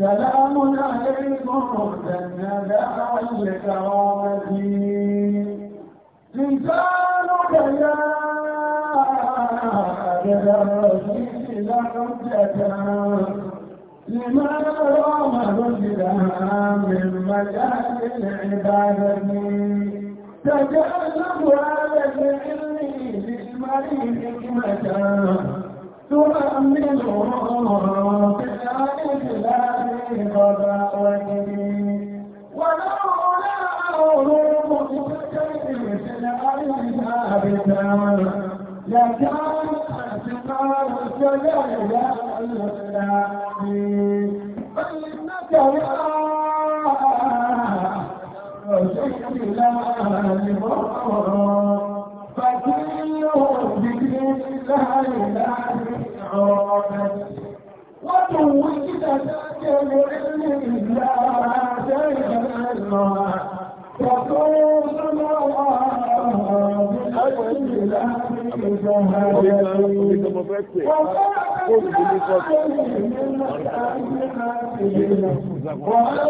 سلام عليكم جنة الكرامتين لسانك يا أجل الرسول حجة لما رام رجلها من مجال العبادة تجعل أبواب العلم للمريض حكمة تؤمنهم بالآية الذي قد وجدي ولولا علوم الكتب في الأيام ثابتا لكان اعتقاد السجل الإسلامي فإنك يا شيخ لا لمرور فكيل بكل الله عرفت وتوجد تأكل إلا شيئا ما تقول الله بأجل أهل وما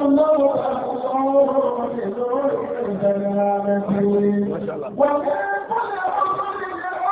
الله أكبر لذو الجلالة وما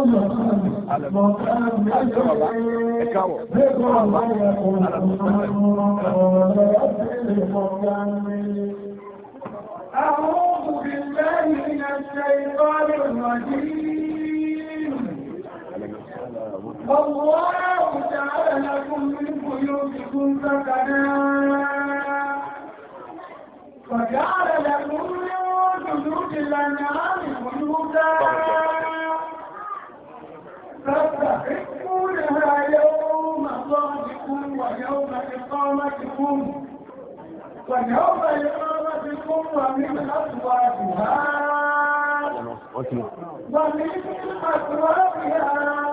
أعوذ بالله من الشيطان الرجيم الله تعالى لكم من بيوتكم سكنا وجعل لكم من جنود الأنعام بيوتا تستحقونها يوم صادكم ويوم إقامتكم ويوم إقامتكم ومن أزواجها ومن أزواجها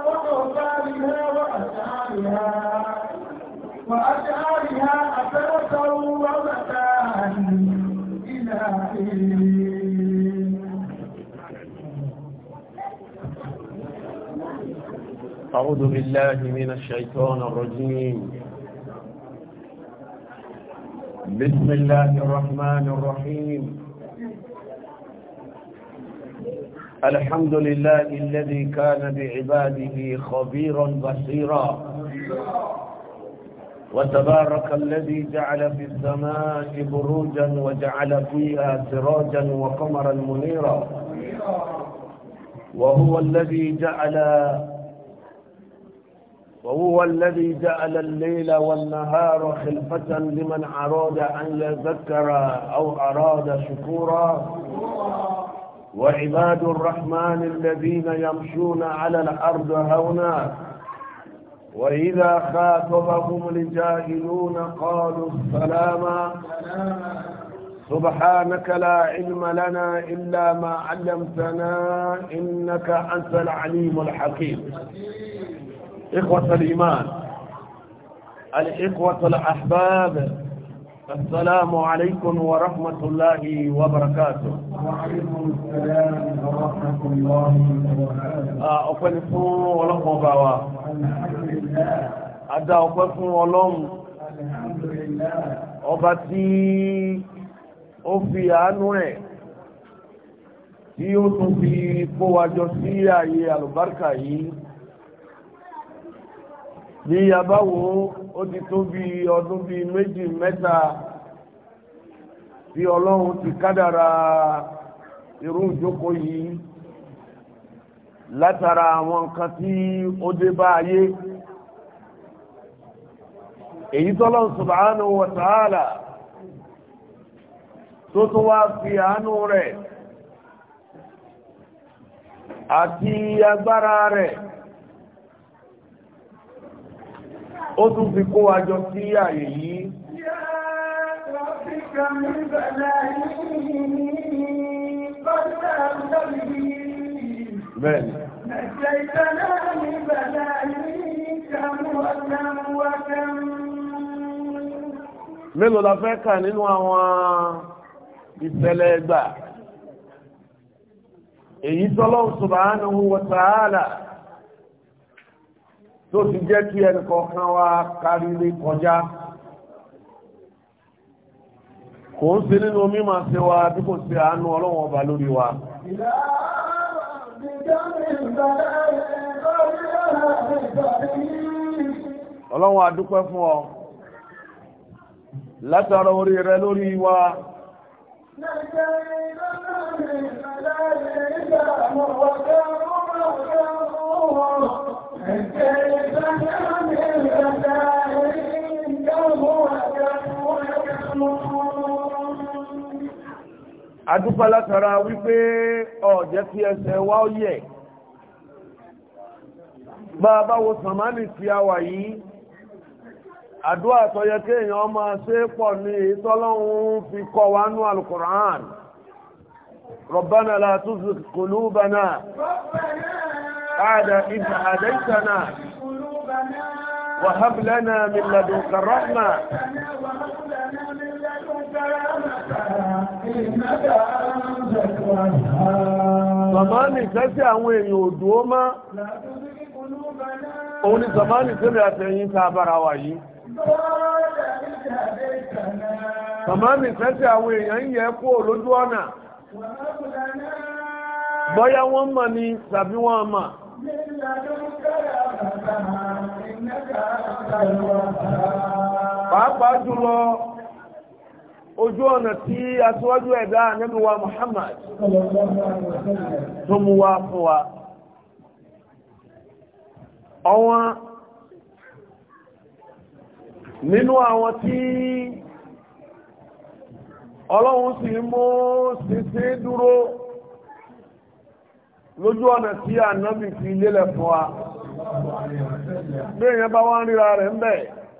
أعوذ بالله من الشيطان الرجيم بسم الله الرحمن الرحيم الحمد لله الذي كان بعباده خبيرا بصيرا وتبارك الذي جعل في السماء بروجا وجعل فيها سراجا وقمرا منيرا وهو الذي جعل وهو الذي جعل الليل والنهار خلفة لمن أراد أن يذكر أو أراد شكورا وعباد الرحمن الذين يمشون على الأرض هونا وإذا خاطبهم الجاهلون قالوا السلام سبحانك لا علم لنا إلا ما علمتنا إنك أنت العليم الحكيم إخوة الإيمان الإخوة الأحباب السلام عليكم ورحمة الله وبركاته وعليكم السلام ورحمة الله وبركاته أقول فون ولهم وبعوا الحمد لله أدى أقول فون ولهم الحمد لله ọba tí ó fi àánú rẹ̀ tí ó tún bí a bá wò ó ti tó bí ọdún bíi méjì mẹ́ta tí ọlọ́run ti kádàrà irú ìjókòó yìí látara àwọn nǹkan tí ó dé bá ayé èyí tọ́lọ́run subhanahu wa ta'ala tó wá fi àánú rẹ̀ àti agbára rẹ̀ ó tún fi kó wa jọ sí àyè yìí bẹ́ẹ̀ni mélòó la fẹ́ kà nínú àwọn ìṣẹ̀lẹ̀ ẹgbà èyí tọ́lọ́ subhanahu wa ta'ala tó ti jẹ́ kí ẹnì kọ̀ọ̀kan wa kárí lé kọjá kò ń ṣe nínú mímọ̀ sí wa bí kò sí àánú ọlọ́wọ́n ọba lórí wa ọlọ́wọ́n adúpẹ́ fún ọ látara orí rẹ lórí wa Nàìjíríà lọ́nà ìrìnàlá ìrìnàlá ìrìnàlá Adúpá látara wípé ọ̀jẹ́ tí ẹsẹ̀ wá ó yẹ̀. Bá a bá wo Sàmánì tí a wà yìí, àdúwà tọ́yẹ kí èèyàn máa ṣe pọ̀ ní ìtọ́lọ́run fi kọ́ wa nú Al-Qur'an. Rabbana la tuzigh qulubana. بعد إذ هديتنا وهب لنا من لدنك الرحمة Zamani tẹ́sí àwọn èèyàn òdúó má, òun ni Zamani tẹ́lẹ̀ àtẹ̀yìn ta bára wà yìí. Zamani tẹ́sí àwọn èèyàn yẹ kó lójú ọ̀nà. Bọ́yá wọ́n mọ̀ ni tàbí wọ́n mọ̀. pàápàá jùlọ ojú ọ̀nà tí aṣíwájú ẹ̀dá ànábì wa Muhammad tó mú wá fún wa ọwọ́n nínú àwọn tí ọlọ́run sì mú sísí dúró lójú ọ̀nà tí ànábì fi lélẹ̀ fún wa bí èèyàn bá wá ń ríra rẹ̀ ń bẹ̀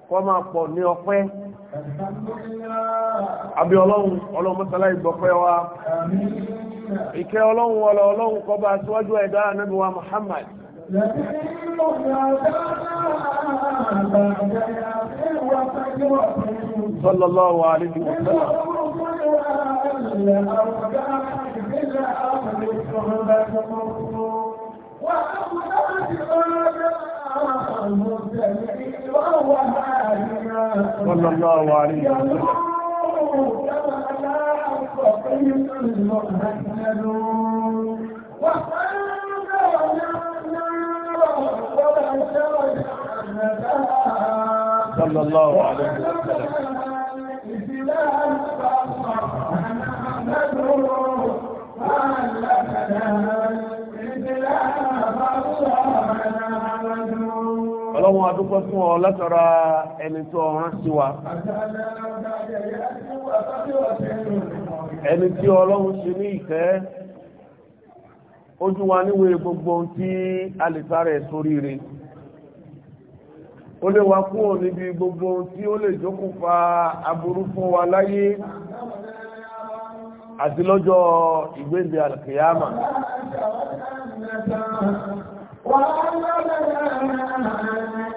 kọ́ máa pọ̀ ní ọpẹ́ àbí ọlọ́run ọlọ́run mọ́sálá ìgbọ̀pẹ́ wa ìkẹ́ ọlọ́run ọlọ́run bá síwájú ẹ̀dá Muhammad sallallahu alaihi إلى أمر الصحبة مصر وأمرت غادة المرسلين وهو هاهنا صلى الله عليه وسلم كما لا يستطيع المهند وقد صلى الله عليه وسلم ọlọ́run adúpẹ́ fún ọ látara ẹni tó ọ̀rán sí wa ẹni tí ọlọ́run ṣe ní ìfẹ́ ojú wa níwé gbogbo ohun tí a lè sáré sórí rẹ̀ ó lè wá kúrò níbi gbogbo ohun tí ó lè jókòó aburú fún wa láyé àti lọ́jọ́ ìgbéǹde alkiyama. Wàhálà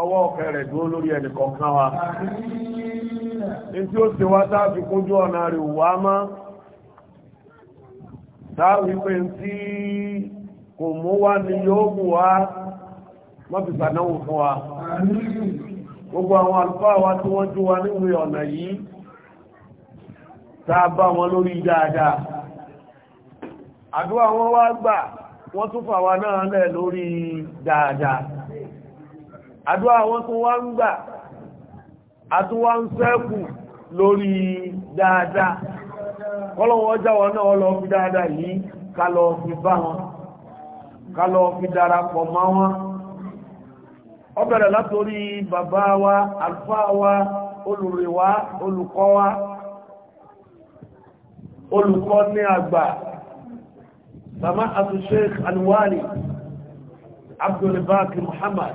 ọwọ́ ọ̀kẹ́ rẹ̀ dúró lórí ẹnìkọ̀ọ̀kan wa ní tí ó ṣe wá táàfi kójú ọ̀nà rẹ̀ wá má táàfi pé tí kò mú wá ní yóò mú wá mọ́bìsà náà fún wa gbogbo àwọn àlùfáà wa tí wọ́n jú wa níwé ọ̀nà yìí tàà bá wọn lórí dáadáa àdúwà wọn wá gbà wọ́n tún fà wa náà lẹ̀ lórí dáadáa àdúrà wọn tó wá ń gbà àtúwá ń sẹ́kù lórí dáadáa kọ́lọ̀wọ́ jáwọ́ náà lọ fi dáadáa yìí ká fi bá wọn ká lọ fi darapọ̀ ma wọn ó bẹ̀rẹ̀ látorí bàbá wa àlùfáà wa olùrẹ̀ wa olùkọ́ wa olùkọ́ ní àgbà Sama'atu Sheikh Alwali Abdul Baqi Muhammad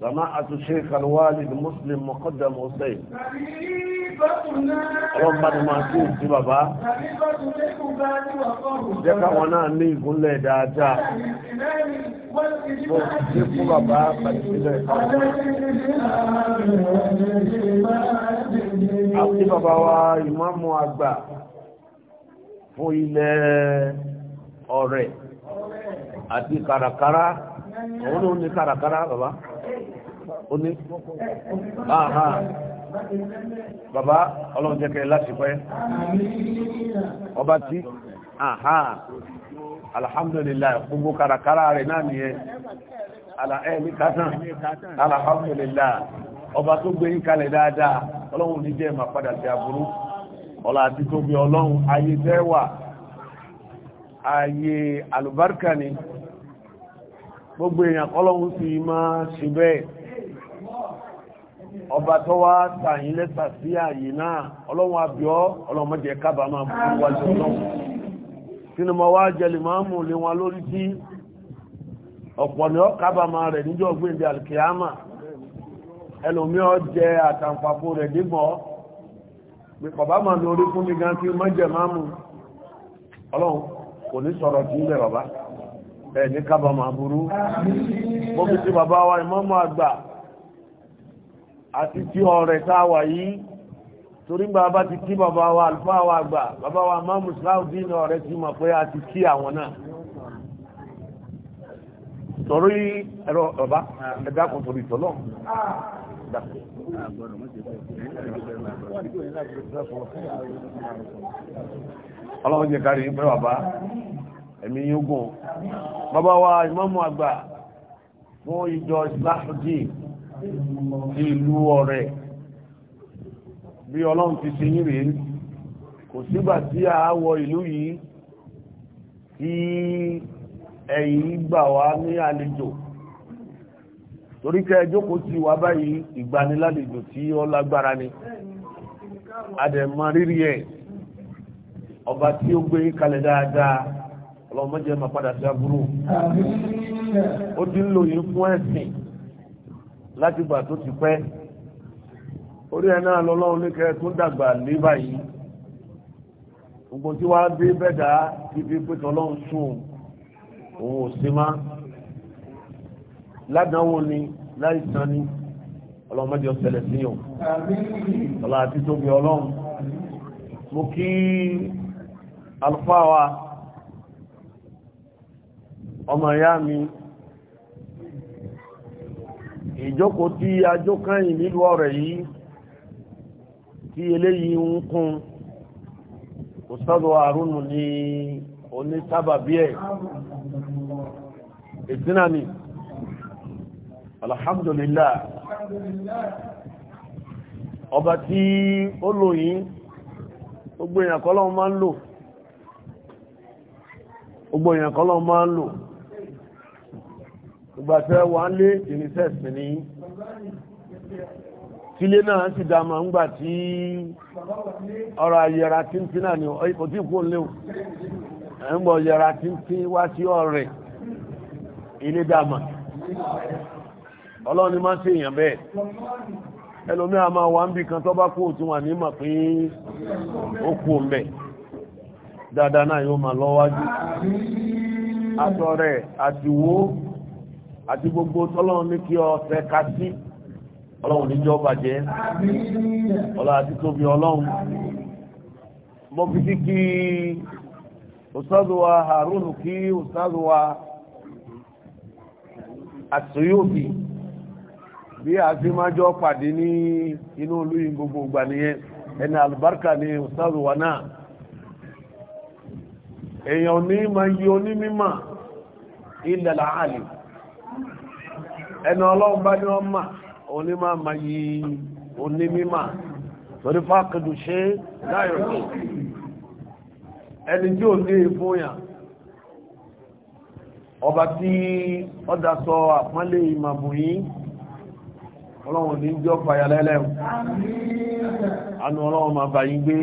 سماحة الشيخ الوالد مسلم مقدم حسين ọlọ́run bá ti máa kí ìsí bàbá jẹ́ káwọn náà ní ìgúnlẹ̀ dáadáa bó ti fún bàbá pàtìlẹ̀ àti bàbá wa ìmáàmù àgbà fún ilẹ̀ ọ̀rẹ́ àti kàràkàrà òun ló ní kàràkàrà bàbá. ó ní àhà bàbá ọlọ́run jẹ́ kẹ́ láti pẹ́ ọba tí alhamdulillah gbogbo karakara rẹ̀ náà nìyẹn àlàẹ́ẹ̀mí kátàn alhamdulillah ọba tó gbé yín kalẹ̀ dáadáa ọlọ́run ní jẹ́ máa padà sí ọlá àti tóbi ọlọ́run ayé tẹ́wà ayé ni gbogbo èèyàn kọ́lọ́hún sì máa ṣe bẹ́ẹ̀ ọba tó wá tàyín sí ààyè náà ọlọ́run àbíọ́ ọlọ́mọdé kábà máa bú wájú ọlọ́run sínú wá jẹlẹ̀ máa mú lé wọn lórí tí ọ̀pọ̀ kábà máa rẹ̀ níjọ́ alkiyama ẹlòmíọ́ rẹ̀ dígbọ́ máa lórí fún mi gan kí mọ́jẹ̀ máa mú ọlọ́run kò ní sọ̀rọ̀ tí ń ẹni kábàmà burú mo fi ti bàbá wa ìmọ́mọ́ àgbà àti tí ọ̀rẹ́ tá wà yìí torí bàbá ti kí bàbá wa àlùfáà wa àgbà bàbá wa má mùsùlùmí ní ọ̀rẹ́ ti mọ̀ pé a ti kí àwọn náà torí ẹ̀rọ ọ̀bá ẹ̀mí yóò gùn bàbá wa ìmáàmù àgbà fún ìjọ ìsìláàdì ìlú ọ̀rẹ́ bí ọlọ́run ti ṣe yín rèé kò sígbà tí a wọ ìlú yìí tí ẹ̀yin gbà wá ní àlejò torí kẹ́ ẹjókòó ti wà báyìí ìgbanilálejò tí ó lágbára ni adẹ̀mọ̀ rírí ẹ̀ ọba tí ó gbé kalẹ̀ dáadáa ọlọ́mọ jẹ́ máa padà sí aburú ó ti ń lò yìí fún ẹ̀sìn láti gbà tó ti pẹ́ orí ẹ̀ náà lọ́lọ́run ní kẹ́ tó dàgbà lé báyìí gbogbo tí wàá dé bẹ́ẹ̀dá ibi pé tọ́lọ́run sùn òun ò sí má ládánwò ni láìsàn ni ọlọ́mọdé ọ̀sẹ̀lẹ̀ sí yàn ọlọ́ àti tóbi ọlọ́run mo kí alùpàá wa ọmọ ìyá mi ìjókòó tí ajókànyìn nílùú ọ̀rẹ̀ yìí tí eléyìí ń kún òsọ́dọ̀ àrùnù ní onísábàbí ẹ̀ ìtínà ni alhamdulillah ọba tí ó lò yìí gbogbo èèyàn kọ́lọ́ ń lò ìgbàtẹ́ wà ń lé ìrìnsẹ̀ ní tílé náà sì dámà ń gbà tí ọ̀rọ̀ àyẹ̀ra náà ni kò tí kò lè ń bọ̀ yẹ̀ra tíntín wá sí ọ̀rẹ́ ilé dámà ọlọ́run ni ṣe èèyàn bẹ́ẹ̀ ẹlòmí a máa wà ń bí kan tó kú wà ní pé ó kú dáadáa náà yóò máa lọ́wájú àti gbogbo tọ́lọ́run ní kí ọ fẹ́ ká sí ọlọ́run níjọ́ bàjẹ́ ọlọ́run àti tóbi ọlọ́run mo fi sí kí ustadu wa Harun kí ustadu wa àtúyòbí bí a ti máa jọ pàdé ní inú olú yìí gbogbo ìgbà nìyẹn ẹni àlùbáríkà ni ustadu wa náà èèyàn ní máa yí onímímà ilẹ̀ làálì ẹni ọlọ́run bá ní ọmọ onímọ̀ ma torí fákìdù ṣe láyọ̀ tó ẹni tí ò ní ìfóyà ọba tí ọdá sọ àpọ́nlé ìmàbù yìí ọlọ́run ní jọ fàyàlẹ́lẹ́ àánú ọlọ́run ma bà yí gbé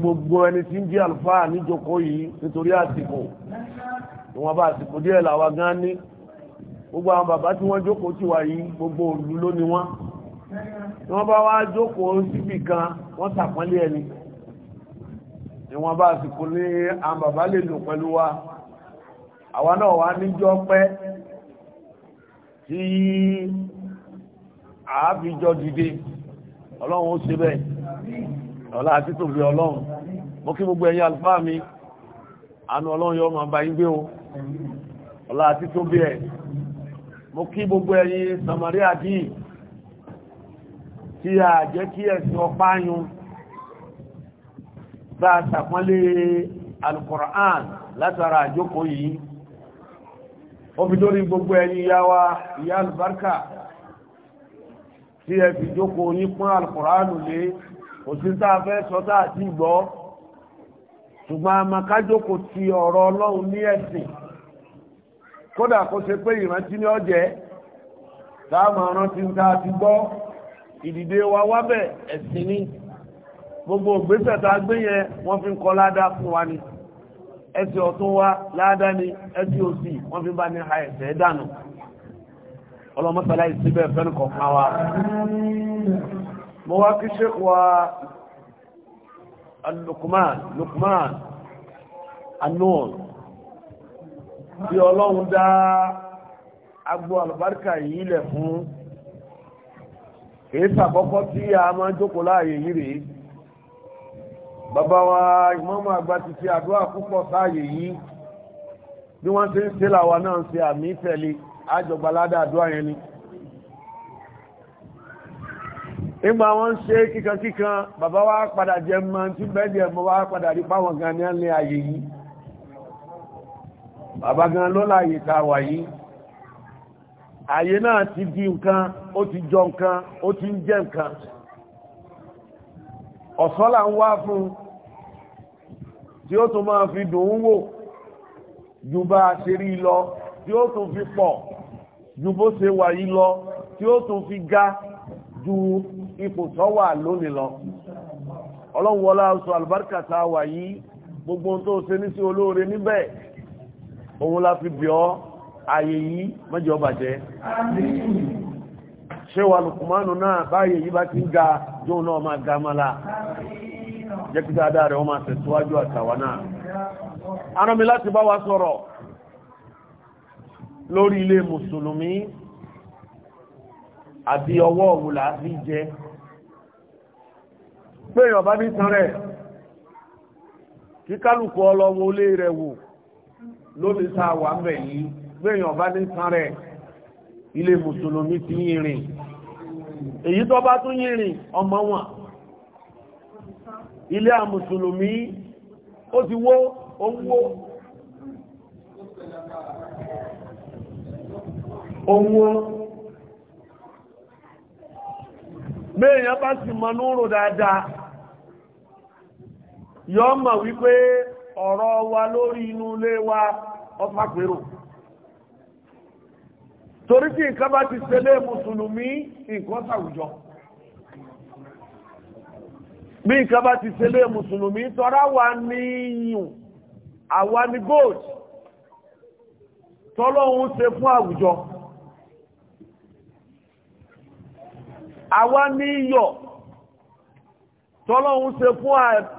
gbogbo ẹni tí ń àlùfáà yìí nítorí àsìkò àsìkò gbogbo àwọn bàbá tí wọ́n jókòó ti wà yìí gbogbo òlú ló ni wọ́n tí wọ́n bá wá jókòó síbì kan wọ́n tàpọ́nlé ẹni ìwọ̀n bá àsìkò ní àwọn bàbá lè lò pẹ̀lú wa àwa náà wá níjọ́ pẹ́ tí àábíjọ dìde ọlọ́run ó ṣe bẹ́ẹ̀ ọlá àti tòbí ọlọ́run mo kí gbogbo ẹ̀yin àlùfáà mi àánú ọlọ́run yóò máa bá gbé o ọlá àti tòbí ẹ̀ mo kí gbogbo ẹ̀yin samari àdín tí a jẹ́ kí ẹ̀sìn ọpáyún bá sàpọ́nlé alukoran látara àjókò yìí ó fi lórí gbogbo ẹ̀yin ìyá wa ìyá alùbáríkà tí ẹ fi jókò yín pọ́n alukoran lé òsìntà fẹ́ sọ́tà àti ìgbọ́ ṣùgbọ́n a máa kájókò ti ọ̀rọ̀ ọlọ́run ní ẹ̀sìn kódà kó se pé ìrántí ní ọ̀jẹ́ táàmù rántí ń ta ti gbọ. ìdìde wa wábẹ̀ ẹ̀sìn n'i. gbogbo ògbésẹ̀ tá a gbé yẹn fi ń ládàá fún wa ni ẹsẹ̀ ọ̀tún wa ládàá ni ẹsẹ̀ òsì wọ́n fi bá ní ha dànù mo wá kí wa Lukman Lukman bí ọlọ́run dá agbó àlùbáríkà yìí lẹ̀ fún èyí sàkọ́kọ́ tí a máa jókòó láàyè yìí rèé bàbá wa ìmáàmù àgbà ti ṣe àdúrà púpọ̀ sáàyè yìí bí wọ́n ti ń ṣe làwa náà ń ṣe àmì tẹ̀lé àjọgbàládà àdúrà yẹn ni ìgbà wọ́n ṣe kíkankíkan bàbá wa padà jẹ mọ́ tí bẹ́ẹ̀ jẹ mọ́ wa padà rí páwọn gan ní àyè yìí bàbá gan ló láàyè ká wà yìí àyè náà ti di nǹkan ó ti jọ nǹkan ó ti ń jẹ́ nǹkan ọ̀sán là ń wá fún tí ó tún máa fi dùn ún wò ju bá a ṣe rí lọ tí ó tún fi pọ̀ ju bó ṣe wà yìí lọ tí ó tún fi ga ju ipò tó wà lónìí lọ ọlọ́run wọlá oṣù àlùbáríkà tá wà yìí gbogbo ohun tó ṣe ní sí olóore níbẹ̀ òun la fi bí ọ́ ayé yìí ṣe wà lùkùmánù náà báyé yìí bá ti ń ga jóun náà máa ga mọ́lá jẹ́ kí dáadáa rẹ̀ wọ́n máa tẹ̀síwájú àtàwà náà láti bá wa sọ̀rọ̀ lórí ilé mùsùlùmí àbí ọwọ́ fi jẹ pé lónìí tá a wà ń bẹ̀ yìí gbẹ̀yàn bá ní san rẹ̀ ilé mùsùlùmí ti yín rìn èyí tó bá tún yín ọmọ wọn ilé a mùsùlùmí ó ti wó ó ń wó owó gbẹ̀yàn bá sì mọ̀ núrò dáadáa yọ́ mọ̀ wípé ọ̀rọ̀ wa lórí inú ilé wa ọpapẹ̀rò torí tí nǹkan bá ti ṣẹlẹ̀ mùsùlùmí nǹkan sàwùjọ bí nǹkan bá ti ṣẹlẹ̀ mùsùlùmí tọ́ra wa ní yùn àwa ní gold tọ́lọ́hun ṣe fún àwùjọ àwa ní iyọ̀ tọ́lọ́hun ṣe fún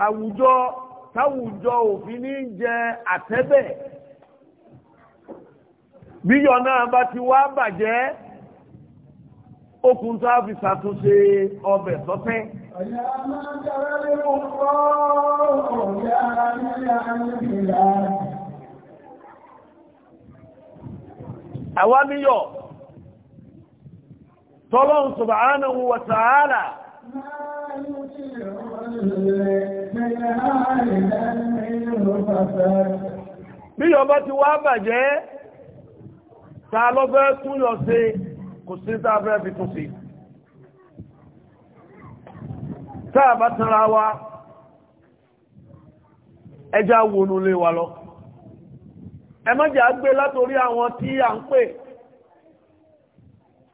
àwùjọ táwùjọ òfin ní jẹ àtẹ́bẹ̀ bíyọ̀ náà bá ti wá bàjẹ́ okùn tó á fi ṣàtúnṣe ọbẹ̀ sọ́fẹ́. àwa níyọ̀ tọ́lọ́hun subhanahu wa bí yọba ti wá bàjẹ́ ta lọ́fẹ́ túnyọ̀ sí kò sí tàbẹ́ fi tún sí táàbá tanra wa ẹjá wọnú lé wa lọ ẹ má jẹ́ àgbé látorí àwọn tí a ń pè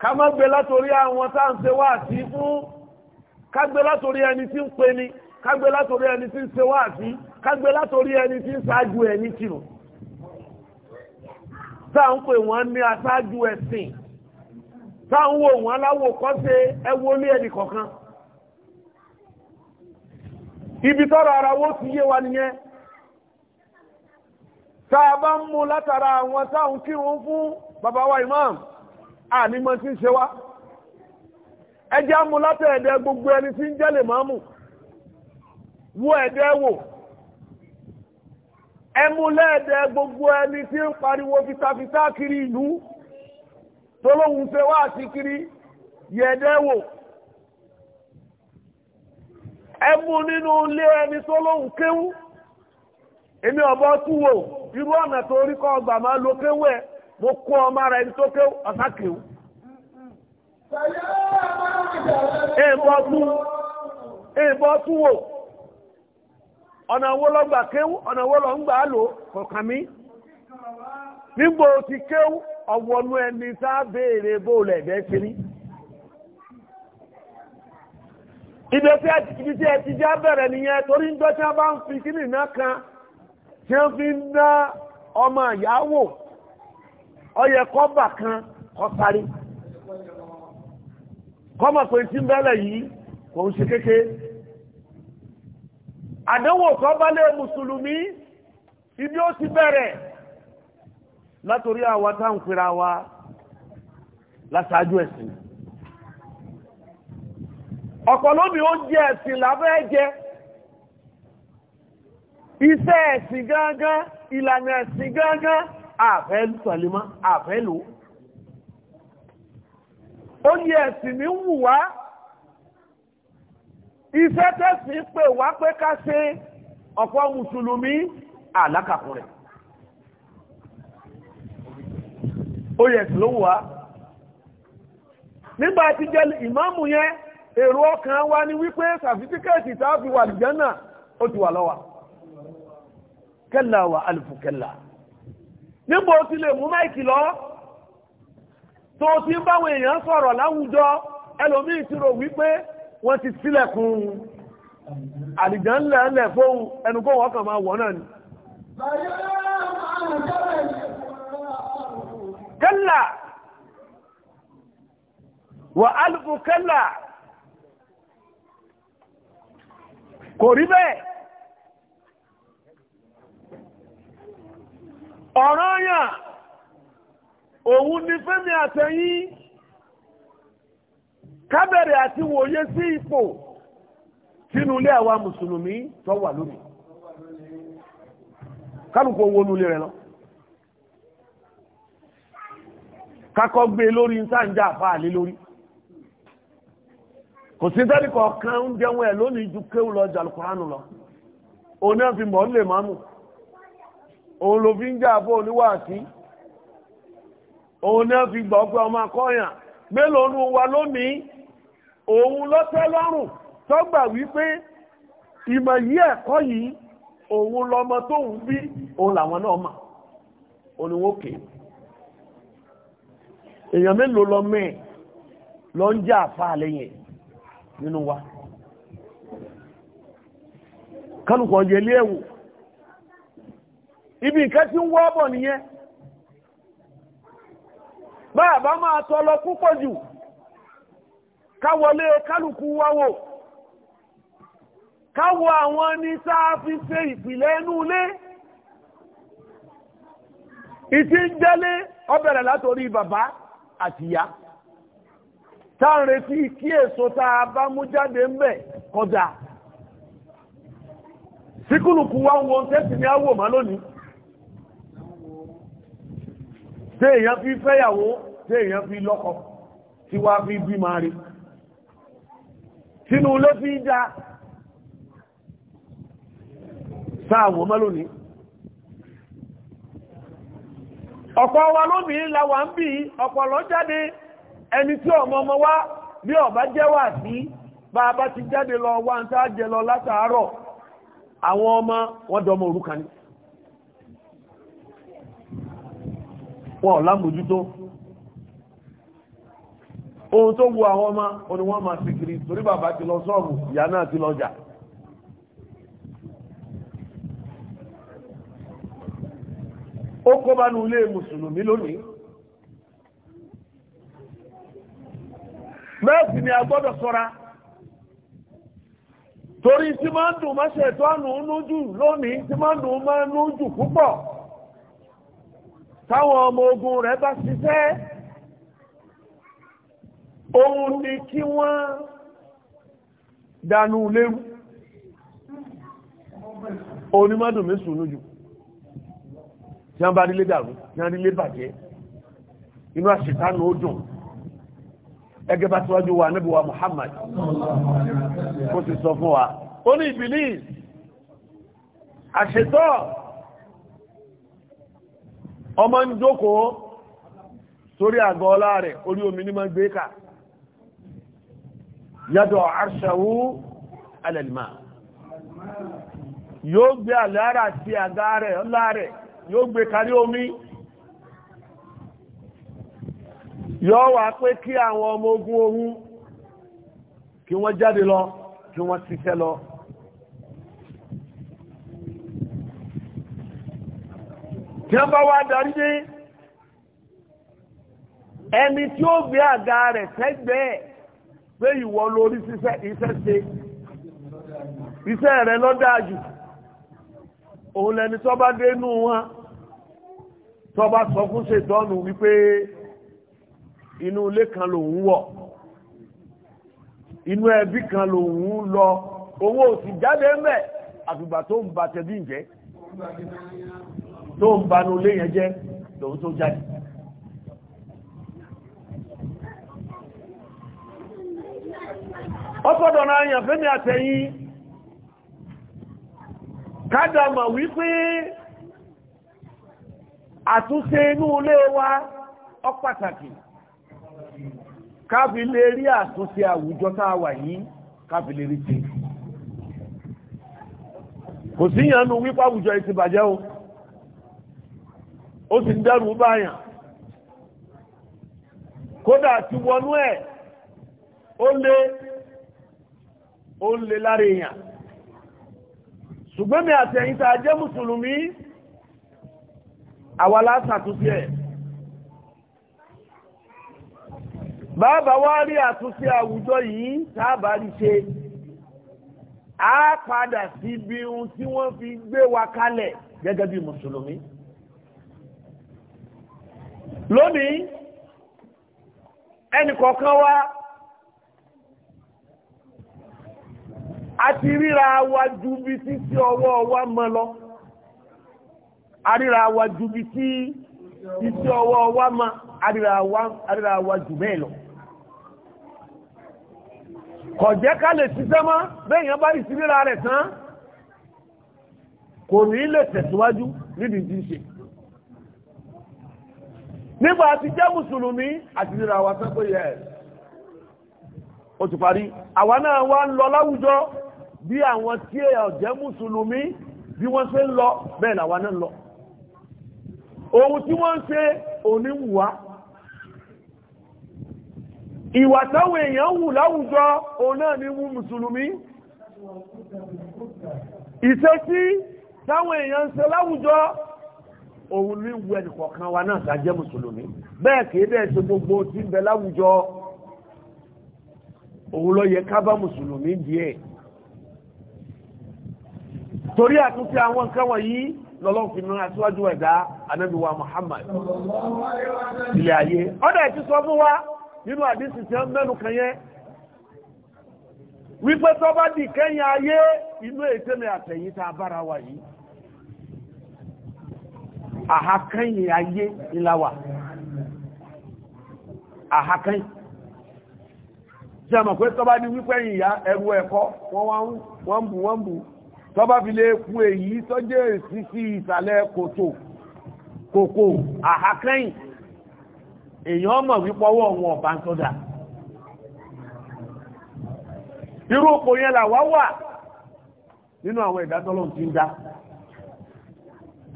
ká má gbé látorí àwọn tá à ń ṣe wá sí fún kágbé látòrí ẹni tí ń pe ni kágbé látòrí ẹni tí ń ṣe wáàsí kágbé látòrí ẹni tí ń ṣáájú ẹni tìrù tá ń pè wọ́n ní aṣáájú ẹ̀sìn tá ń wò wọ́n láwò kọ́sẹ̀ ẹwọ́ ní ẹnì kọ̀ọ̀kan ibi tọ́rọ ara wó ti yé wa nìyẹn tá a bá ń mú látara àwọn táwọn kírun fún bàbá wa imam ànímọ́ tí ń ṣe wá. ẹjẹ́ amú látẹ̀ ẹ̀dẹ́ gbogbo ẹni tí ń jẹ́lè máa mú wú ẹ̀dẹ́ wò ẹmú lẹ́ẹ̀dẹ́ gbogbo ẹni tí ń pariwo fitafita kiri ìlú tolóhun ṣe wá sí kiri yẹ̀dẹ́ wò ẹmú nínú ilé ẹni tolóhun kéwú èmi ọ̀bọ tú wò irú ọ̀nà tó rí kọ́ ọgbà máa lo kéwú ẹ̀ mo kó ọmọ rẹ̀ ẹni tó kéwú ọ̀sá kéwú. èèbọ̀ tún wò ọ̀nà owó lọ́gbà kéwú ọ̀nà owó lọ́gbà lò nígbò ti kéwú ọ̀wọ̀nú ẹni sáà sí rí ibi tí ẹ já bẹ̀rẹ̀ nìyẹn torí ń bá ń fi kíní náà kan tí ó fi ń ná ọmọ ìyáwó kan kọ́mọ̀ pé tí ń bẹ́lẹ̀ yìí kò ń ṣe kéke àdánwò kan bá lé mùsùlùmí ibi ó ti bẹ̀rẹ̀ látorí àwa táwọn pera wa lásáájú ẹ̀sìn ọ̀pọ̀ lóbi oúnjẹ ẹ̀sìn lábẹ́ jẹ iṣẹ́ ẹ̀sìn gángan ìlànà ẹ̀sìn gángan àfẹ́ oyè ẹ̀sìn ní wù wá iṣẹ́ tẹ̀sìn pè wá pé ká ṣe ọ̀pọ̀ mùsùlùmí àlákàkùn rẹ̀ oyè ẹ̀sìn ló wù wá nígbà tí jẹ́ ìmáàmù yẹn èrò ọkàn wa ni wípé sàfitíkẹ́ẹ̀tì tá a fi wà lìjánà ó ti wà lọ́wà kẹ́là wà alùpùpù kẹ́là nígbà ti lè mú máìkì lọ́ọ́ tó ti ń báwọn èèyàn sọ̀rọ̀ láwùjọ ẹlòmí ìṣirò wípé wọ́n ti sílẹ̀kùn àdìjàn lẹ́ẹ̀lẹ̀ fóhun ẹnu kó wọ́n kàn máa wọ̀ náà ni kẹ́là wà alùpù kẹ́là kò rí bẹ́ẹ̀ ọ̀rọ̀ yàn òun ni fẹ́mi àtẹ̀yìn kábẹ̀rẹ̀ àti wòye sí ipò sínú ilé àwa mùsùlùmí tó wà lónìí kálukú owó nulẹ̀ rẹ̀ lọ gbe gbé lórí nsáǹjà àfáàlé lórí kò sí sẹ́ni kọ̀ọ̀kan ń jẹun ẹ̀ lónìí ju kéwù lọ jàlùkùránù lọ òun náà fi mọ̀ ń òun fi ń jà òun náà fi gbọ́ pé ọmọ akọ́yàn mélòó nu wa lónìí òun lọ́tẹ́ lọ́rùn tọ́gbà wípé ìmọ̀ yí ẹ̀kọ́ yìí òun lọmọ tóun bí òun làwọn náà mà oníwókè èèyàn mélòó lọ mẹ́ẹ̀ lọ ń jà àfa àlẹ́yìn nínú wa kálukọ̀ ọ̀jẹ̀ ibi nǹkan tí ń wọ́ bọ̀ nìyẹn báàbá máa tọlọ púpọ̀ jù káwọlé kálukú wáwò káwọ àwọn ní sáà ṣe ìpìlẹ̀ inú ilé ìtí ń jẹ́lé ọbẹ̀rẹ̀ látorí bàbá àtìyá tá abamujade retí kí èso tá bá mú jáde tí èèyàn fi fẹ́yàwó tí èèyàn fi lọ́kọ tí wá fi bí máa rí sínú ló fi dá sáàwọ̀ mọ́ lónìí ọ̀pọ̀ wa lónìí láwà ń bí ọ̀pọ̀lọ́ jáde ẹni tí ọmọ ọmọ wá bí ọ̀bá jẹ́wà sí bá bá ti jáde lọ wá ń tá jẹ lọ látàárọ̀ àwọn ọmọ wọn dọmọ òrukàn ni wọn lámójútó ohun tó wu àwọn ọmọ oní wọ́n máa sìkiri torí bàbá ti lọ sọ́ọ̀bù ìyá náà ti lọ́jà ó kọ́ bá ilé mùsùlùmí lónìí mẹ́sì ni a sọ́ra torí tí máa ń dùn máṣẹ̀ tó ànú nújù lónìí tí máa ń dùn máa táwọn ọmọ ogun rẹ̀ bá ṣiṣẹ́ òun ni kí wọ́n dànù léwu onímọ́dùn mi sùn lójú tí wọ́n bá nílé dàrú tí wọ́n nílé bàjẹ́ inú àṣìtánù ó ẹgẹ́ bá tíwájú wa níbi wa Muhammad kó sì sọ fún wa ó ní ìbìlì àṣetọ́ ọmọ ń jókòó sórí àgọ́ ọlá rẹ̀ orí omi ní máa gbé kà yàtọ̀ àṣàwú alẹ́lìmá yóò gbé àlára àti àgá rẹ̀ ọlá rẹ̀ yóò gbé kárí omi yóò wà pé kí àwọn ọmọ ogun ohun kí wọ́n jáde lọ kí wọ́n ti fẹ́ lọ tí wọ́n bá wá darí dé ẹni tí ó gbé àga rẹ̀ sẹ́gbẹ̀ẹ́ pé ìwọ lórí iṣẹ́ ṣe iṣẹ́ rẹ̀ lọ́dáàjù òun lẹni tó bá dé nù wọn tó bá sọ fún ṣètọ́nù wípé inú ilé kan lòun wọ̀ inú ẹbí kan lòun lọ owó òsì jáde mẹ́ àfìgbà tó ń bàtẹ́ bí ń jẹ́ tó ń banu lé yẹn jẹ́ lòun tó jáde. ọ̀pọ̀dọ̀ náà yàn fẹ́mi àtẹ̀yìn kádàmà wípé àtúnṣe inú ilé wa ó pàtàkì kábi rí àtúnṣe àwùjọ táa wà yìí kábi rí ti kò sí àwùjọ ìtìbàjẹ́ o. ó sì dẹ́rù báyàn kódà ti wọnú ẹ̀ ó lé ó lé lára èèyàn ṣùgbọ́n mi àti ẹ̀yin tá a jẹ́ mùsùlùmí àwa la ẹ̀ bàbá wá rí àtúnṣe àwùjọ yìí sábà rí ṣe a padà sí ibi ohun tí wọ́n fi gbé wa kalẹ̀ gẹ́gẹ́ bí mùsùlùmí lónìí ẹnìkọ̀ọ̀kan wa a ti ríra wa ju bí tí sí ọwọ́ wa mọ́ lọ àríra wa ju bí tí sí ọwọ́ wa mọ́ àríra wa jù bẹ́ẹ̀ lọ kọ̀jẹ́ ká lè ṣiṣẹ́ mọ́ bẹ́yàn bá ìsinira rẹ̀ tán kò ní lè tẹ̀síwájú nídìí ti nígbà tí jẹ́ mùsùlùmí àti ìrìnà àwọn sẹ́kọ̀ọ́ yẹ ó ti parí àwa náà wá ń lọ láwùjọ bí àwọn tí èèyàn jẹ́ mùsùlùmí bí wọ́n ṣe ń lọ bẹ́ẹ̀ làwa náà ń lọ ohun tí wọ́n ń ṣe òní wùwá ìwà táwọn èèyàn wù láwùjọ òun náà ní wù mùsùlùmí ìṣesí táwọn èèyàn ń ṣe láwùjọ òun ní wẹ nìkọ̀ọ̀kan wa náà sàjẹ́ mùsùlùmí bẹ́ẹ̀ kìí bẹ́ẹ̀ ṣe gbogbo tí ń bẹ láwùjọ òun lọ yẹ ká bá mùsùlùmí díẹ̀ torí àtúnṣe àwọn nǹkan wọ̀nyí lọ́lọ́run fi rán aṣíwájú ẹ̀dá anábì Muhammad ilé ayé ọ̀dà ẹ̀ ti sọ fún wa nínú àdísì tí wọ́n mẹ́nu kan yẹn wípé tó bá di kẹ́yìn ayé inú ètè mi àtẹ̀yìn tá a bára wa yìí àhákẹ́yìn ayé ìlàwà àhákẹ́yìn jẹmọ̀ mọ̀ pé tọ́bá ní ìyá ẹrù ẹ̀kọ́ wọ́n bù wọ́n bù tọ́bá fi lè kú èyí tọ́jẹ́ sí sí ìsàlẹ̀ kòtò kòkò àhákẹ́yìn èyàn mọ̀ wípọ́ ọ̀bá ń sọ́dà irú òpó yẹn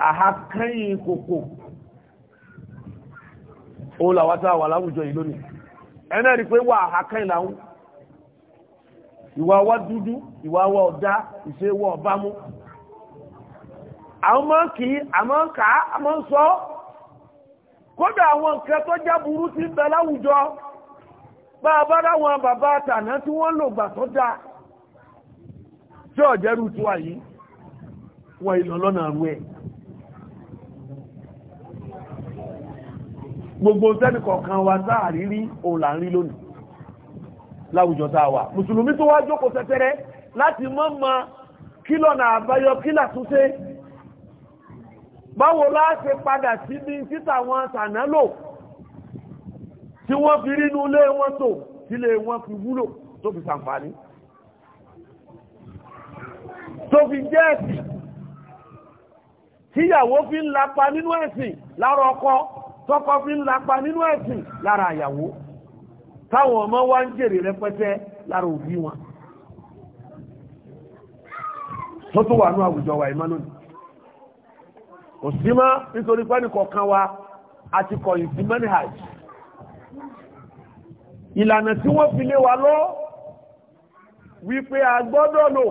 àhákẹ́yìn kòkò ó làwátá wà láwùjọ yìí lónìí ẹ̀nà rí pé wà àhákẹ́yìn láwùn ìwà wa dúdú ìwà wa ọ̀dá ìṣe wa ọ̀bámú àwọn máa ń kì í àmọ́ ń kà á àmọ́ ń sọ kódà àwọn nǹkan tó já burú ti bẹ láwùjọ wọ́n ìlọ́lọ́nà rú ẹ̀ gbogbo sẹ́nì kọ̀ọ̀kan wa sáàrí rí òun là ń rí lónìí láwùjọ táà wà mùsùlùmí tó wá jókòó tẹ́tẹ́rẹ́ láti mọ́ mọ́ kílọ̀nà àbáyọ kílà túnṣe báwo láti padà síbi títà wọn sànálò tí wọ́n fi rínú ilé wọn tò sílé wọn fi wúlò tó fi sàǹfààní tó fi jẹ́ ẹ̀sìn tíyàwó fi ń lapa nínú ẹ̀sìn lára ọkọ tọ́kọ fi ń lapa nínú ẹ̀sìn lára àyàwó táwọn ọmọ wá ń jèrè rẹpẹtẹ lára òbí wọn tó tó wà ní àwùjọ wa ìmánú ni kò sí mọ́ nítorí pẹ́ni kọ̀ọ̀kan wa àti kọ̀yìn sí manhaj ìlànà tí wọ́n fi lé wa lọ wípé a lò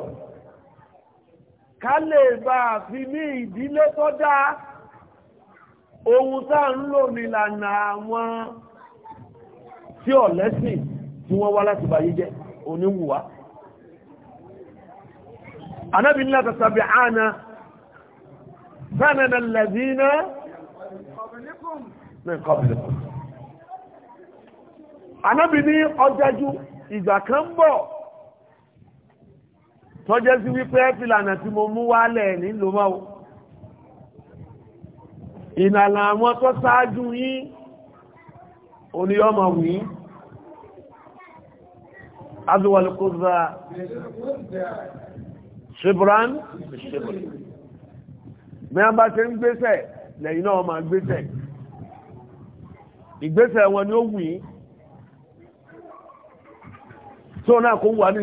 ká lè bá fi ní ìdílé tó dáa ohun tá ń lò nílànà àwọn tí ọ̀lẹ́sìn tí wọ́n wá láti bàyí jẹ́ oníwùwá anábi ní láti sàbí àánà sánàdà lẹ́bínà anábi ní ọjájú ìgbà kan bọ̀ tọ́jẹ́ sí wípé fìlànà tí mo mú wálẹ̀ ní lómáwó ìlànà àwọn tó sáájú yín oníyọ́mọ wí azuwalukuza ṣibran ṣibran bí a bá ti ń gbésẹ̀ lẹ́yìn náà ma gbésẹ̀ ìgbésẹ̀ wọn ni ó wù yí tó náà kó wà ní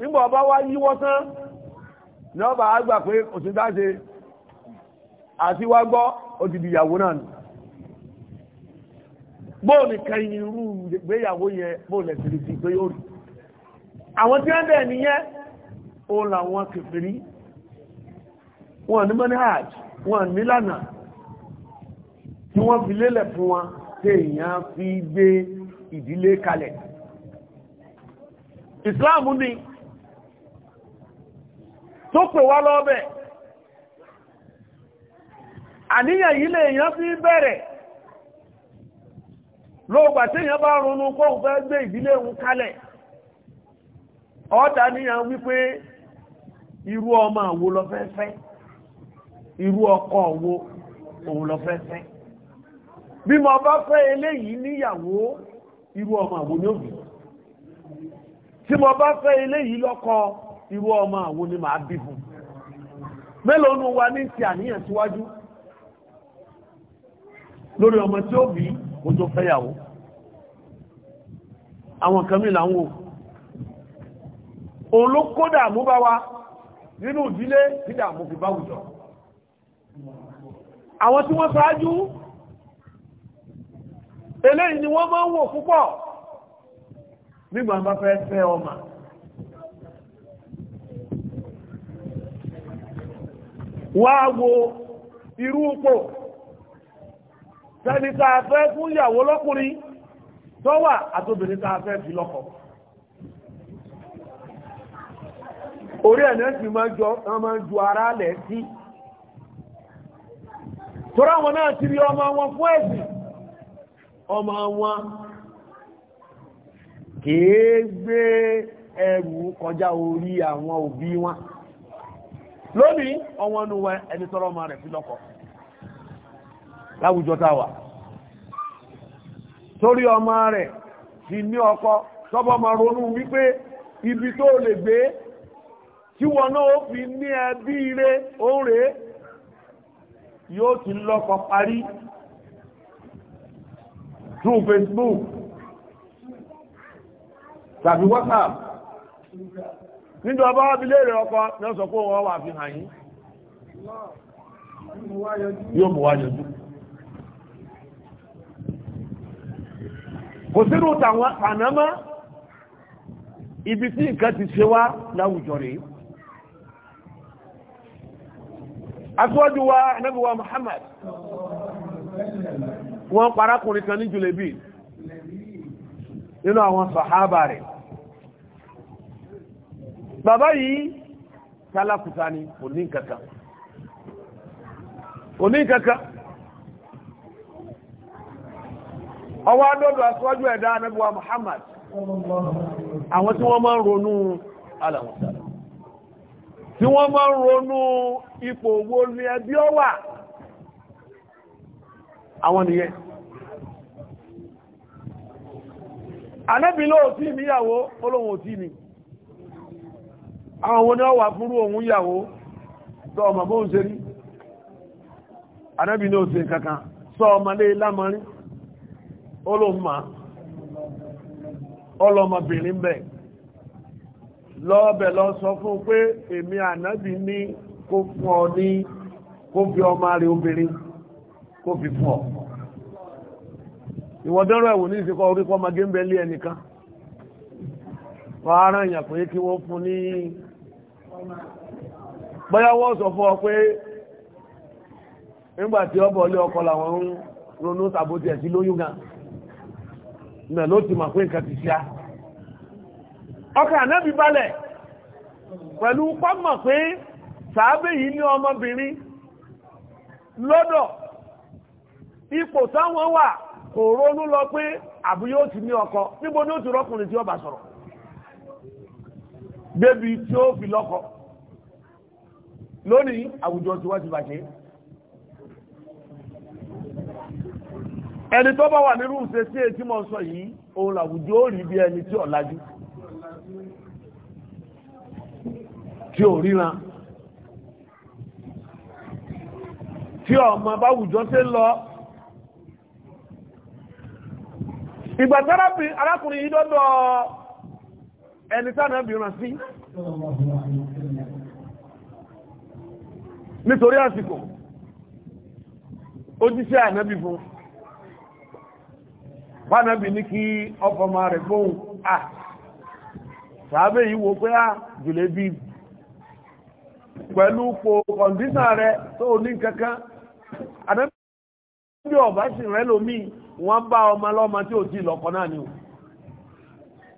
nígbà ọba wá yíwọ́ tán ní ọba àgbà pé òsì dáṣe àti wá gbọ́ òdìdì ìyàwó náà nù bóò nìkan irú ìgbéyàwó yẹn bóò lẹ̀sìrì sí pé yóò rí àwọn tí wọ́n bẹ̀ẹ̀ nìyẹn ó làwọn kèfèrí wọn ní manhaj wọn ní lànà tí wọ́n fi lélẹ̀ fún wọn tí èèyàn fi gbé ìdílé kalẹ̀ Islam ni tó pè wá lọ́bẹ̀ àníyàn yìí lè yàn sí bẹ̀rẹ̀ lóògbà tí èyàn bá ronú kó fẹ́ gbé ìdílé òun kalẹ̀ ọ̀tá níyàn wípé irú ọmọ lọ fẹ́fẹ́. irú ọkọ wo òun lọ fẹ́fẹ́. bí mo bá fẹ́ eléyìí níyàwó irú ọmọ ní irú ọmọ àwọn ni màá bí fún mélòó nu wa ní ti àníyàn síwájú lórí ọmọ tí ó bí kò tó fẹ́yàwó àwọn kan mìí láwọn òun ló kó dààmú bá wa nínú ìdílé tí dààmú fi bá wùjọ àwọn tí wọ́n ṣáájú eléyìí ni wọ́n máa ń wò púpọ̀ nígbà fẹ́ fẹ́ ọmọ wá wo irú pò tẹni tá a fẹ́ fún ìyàwó lọ́kùnrin tó wà àtòbìnrin tá fẹ́ fi lọ́kọ orí ẹ̀ náà sì máa ju ara lẹ̀ sí torí àwọn náà ti rí ọmọ wọn fún ẹ̀sìn ọmọ wọn kìí gbé ẹrù kọjá orí àwọn òbí wọn. lónìí ọwọ́n nu wẹ ẹni tọrọ ọmọ rẹ̀ fi lọ́kọ láwùjọ tá a wà torí ọmọ rẹ̀ ti ní ọkọ tọ́bọ̀ máa ronú wípé ibi tó lè gbé tí wọn náà fi ní ẹbí ire oore yóò ti lọ́kọ parí through Facebook tàbí WhatsApp níjọ ọba wá bilé rẹ̀ ọkọ náà sọ pé wọ́n wà fi hàn yín yóò mú wá yọjú kò sínú tàwọn panama ibi tí nǹkan ti ṣe wá láwùjọ rẹ aṣíwájú wa ànábì Muhammad wọn parákùnrin kan ní julebi nínú àwọn sàhábà rẹ̀ baba yi tálákùtà ni kò ní Ọwọ adọdọ ní kankan ọwọ́ Muhammad àwọn tí wọ́n máa ń ronú alàwọ̀sá tí wọ́n máa ń ronú ipò wo ni ẹbí ọ wà àwọn nìyẹn anábìlóòtí níyàwó àwọn wọn ni ó wà fúrú òun yàwó sọ ọmọ bó ń ṣe rí anábì ní òṣè kankan sọ ọmọ lé lámọrí olóhùnmá ọlọmọbìnrin bẹ lọ́ọ̀bẹ̀ lọ sọ fún pé èmi ànábì ní kó fún ọ ní kó fi ọmọ rẹ̀ obìnrin kó fi fún ọ ìwọ̀dọ́rọ̀ ẹ̀wò ní ìsìnkọ́ orí kọ́ magé ń bẹ lé ẹnìkan wọ́n á rán ìyàpọ̀ yé kí wọ́n fún ní bóyá wọ́n fún ọ pé nígbàtí ọbọ̀ ọkọ làwọn ń ronú tàbótì ẹ̀sí lóyún gan ló ti mọ̀ pé nǹkan ti balẹ̀ pẹ̀lú pọ́mọ̀ pé sàábé yìí ní ọmọbìnrin lọ́dọ̀ ipò táwọn wà kò ronú lọ pé àbúyó ti ní ọkọ níbo ni ó ti rọ́kùnrin tí débi tí ó fi lọ́kọ lónìí àwùjọ tí wọ́n ti bàjẹ́ ẹni tó bá wà nírú ṣe sí ètí mọ́ sọ yìí òun làwùjọ ó rí bí ẹni tí ọ̀lájú tí ò ríran tí ọmọ báwùjọ ṣe lọ ìgbà tẹ́rápì arákùnrin yìí dọ́dọ̀ ẹni sáàdá mìíràn sí nítorí àsìkò òjíṣẹ́ ànábì fún bánábì ní kí ọkọ̀ ma rẹ̀ gbóhùn à sàábẹ̀ yìí wo pé á jùlẹ̀ bí pẹ̀lú po kọ̀ndísà rẹ̀ tó ní kankan ànábì ọ̀bá sì rẹ̀ lómi wọ́n bá ọmọ lọ́mọ tí ò tí lọ́kọ náà ni